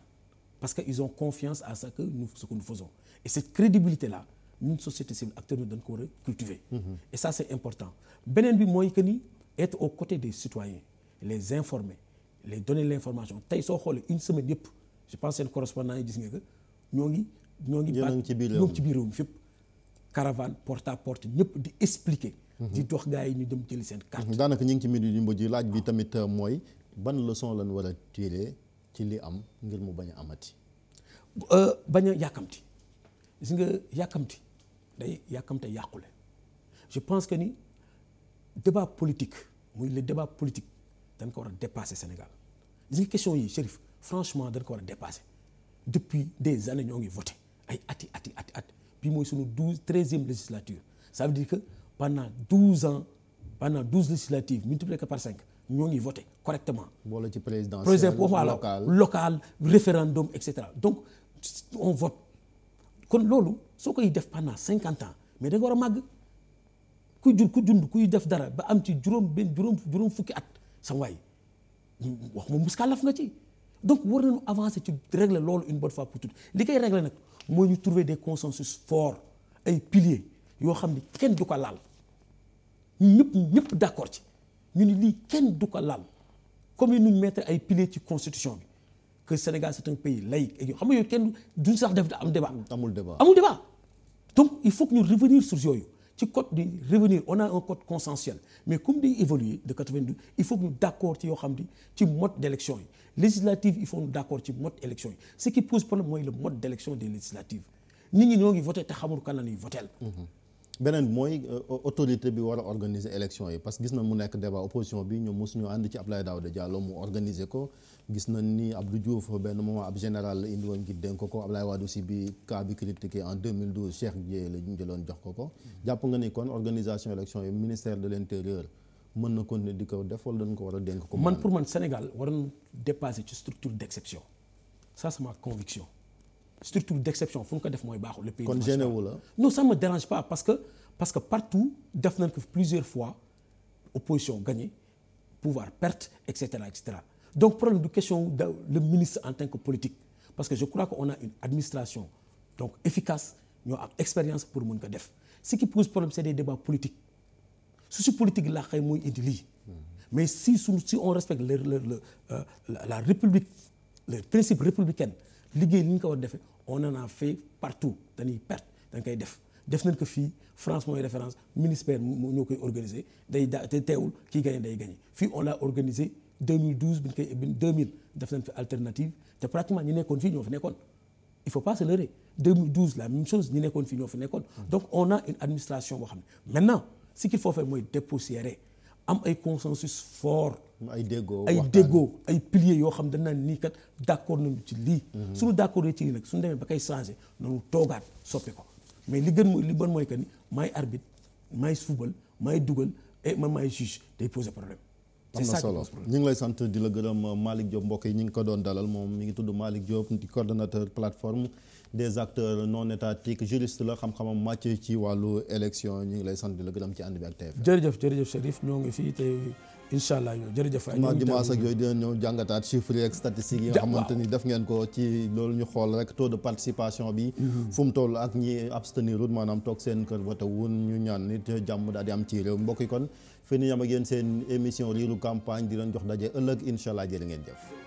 parce que ils ont confiance à ce que nous ce que nous faisons et cette crédibilité là. ñun société civile acteur dañ ko war a cultiver. Mm-hmm. et important beneen bi mooy que ni être aux côtés des les informer les donner l' information tey soo xoolee une semaine yëpp je pense seen correspondant yi gis nga ñoo ngi. ñoo ngi ci biir réew mi ci biir réew mi fépp. caravane porte ñëpp di expliquer. Mm-hmm. di dox gars yi ñu dem jëli seen carte. Mm-hmm. daanaka ñu ngi ci midi di mujj laaj bi tamit euh, mooy ban leçon lañ war a tirer ci li am ngir mu bañ a amati. Euh, bañ a yàkkamti gis nga yàkkamti. day yàqu yàqule je pense que ni débat politique muy le débat politique dañ ko war a dépasser Sénégal nga question yi Chérif franchement dañ ko war a dépasser des années ñoo ngi voté ay ati ati ati at bii mooy sunu douze treizième législature ça veut dire que pendant douze ans pendant douze législatives multiplié par cinq ñoo ngi voté correctement. boole ci présidentielle locale local référendum et cetera donc on vote. kon loolu soo koy def pendant cinquante ans mais da war a màgg ku jur ku dund kuy def dara ba am ci juróom benn juróom fukki at sa waay wax moom muskàllaf nga ci donc war nu avancé ci régler loolu une bonne fois pour toutes li koy régler nag mooy ñu trouver des consensus forts ay piliers yoo xam ni kenn du ko laal ñëpp ñëpp d'accord ci ñu ni lii kenn du ko laal comme ni ñu mettre ay piliers ci constitution bi que Sénégal c'est un pays laïque et xam nga yooyu kenn duñ sax def am débat. amul débat donc il faut ñu revenir sur yooyu ci code di revenir on a un code consensuel mais comme day évoluer de 92 il faut ñu d'accord ci yoo xam ni ci mode d'élection yi législative il faut ñu d'accord ci mode élection yi ce qui pose problème mooy le mode d'élection des législatives nit ñi ñoo ngi voté te xamul kan la ñuy beneen mooy euh, autorité bi war a organiser élection yi parce que gis na mu nekk débat opposition bi ñoom mosuñu ànd ci Abdoulaye Daouda Diallo mu organiser ko gis na ni Abdou Diouf benn moment ab général la indi woon ngir dénk ko ko Abdoulaye Wade aussi bi cas bi critiqué en 2012 Cheikh Dieye la jëloon jox ko ko. jàpp nga ni kon organisation élection yi ministère de l' intérieur mën na kon ne di ko defoo wala ko war a dénk ko. man pour man Sénégal waroon dépasser ci structure d' exception ça c'est surtout d'exception fu ñu ko def mooy baaxul. le pays kon gêné wu la. non ça me dérange pas parce que parce que partout def nañ ko plusieurs fois opposition gagné pouvoir perte et cetera et donc problème du question da le ministre en tant que politique parce que je crois que on a une administration donc efficace ñoo am expérience pour mun ko def ce qui pose problème c'est des débats politiques su si politique la xëy mooy indi lii mais si su si on respecte le le euh, la la république le principe liggéey li ñu ko war defee on en a fait partout dañuy perte dañ koy def def nañ ko fii France mooy référence ministère moo ñoo koy organisé day da te teewul kii gagné day gagné fii on l'a organisé 2012 bi ñu koy 2000 def nañ fi alternative te pratiquement ñi nekkoon fii ñoo fi nekkoon il faut pas se leurrer 2012 la même chose ñi nekkoon fii ñoo fi nekkoon hmm. a une boo xam ne maintenant ce qu'il faut faire mooy dépoussiérer am ay consensus fort. ay déggoo ay déggoo ay piliers yoo xam dañ naan nii kat d' accord nañu ci lii. Mhm. suñu d' accord ci lii nag suñu demee ba koy changé noonu toogaat soppi ko mais li gën mooy li bon mooy que ni maay arbitre maay fubal maay dugal et man maay juge day poser problème. am na solo ñu ngi lay sant di la gërëm Malick Diop mbokk yi ñu ngi ko doon dalal moom mi ngi tudd Malick Diop di coordonnateur plateforme. des acteurs non étatiques juriste la xam-xamam màcc ci wàllu élection ñu ngi lay sant di la gërëm ci ànd bi ak TFM. jërëjëf jërëjëf Chérif ñoo ngi fii te incha allah jërëjëf. ñu ngi dimanche ak yooyu dina ñëw jàngataat chiffres yeeg statistiques yi nga xamante def ngeen ko ci loolu ñu xool rek taux de participation bi. Mhm. fu mu toll ak ñi abstenir wul maanaam toog seen kër voté wun ñu ñaan nit jàmm daal am ci réew mbokk yi kon fi ñu yam seen émission riiru campagne di leen jox daje ëllëg incha allah jërë ngeen jëf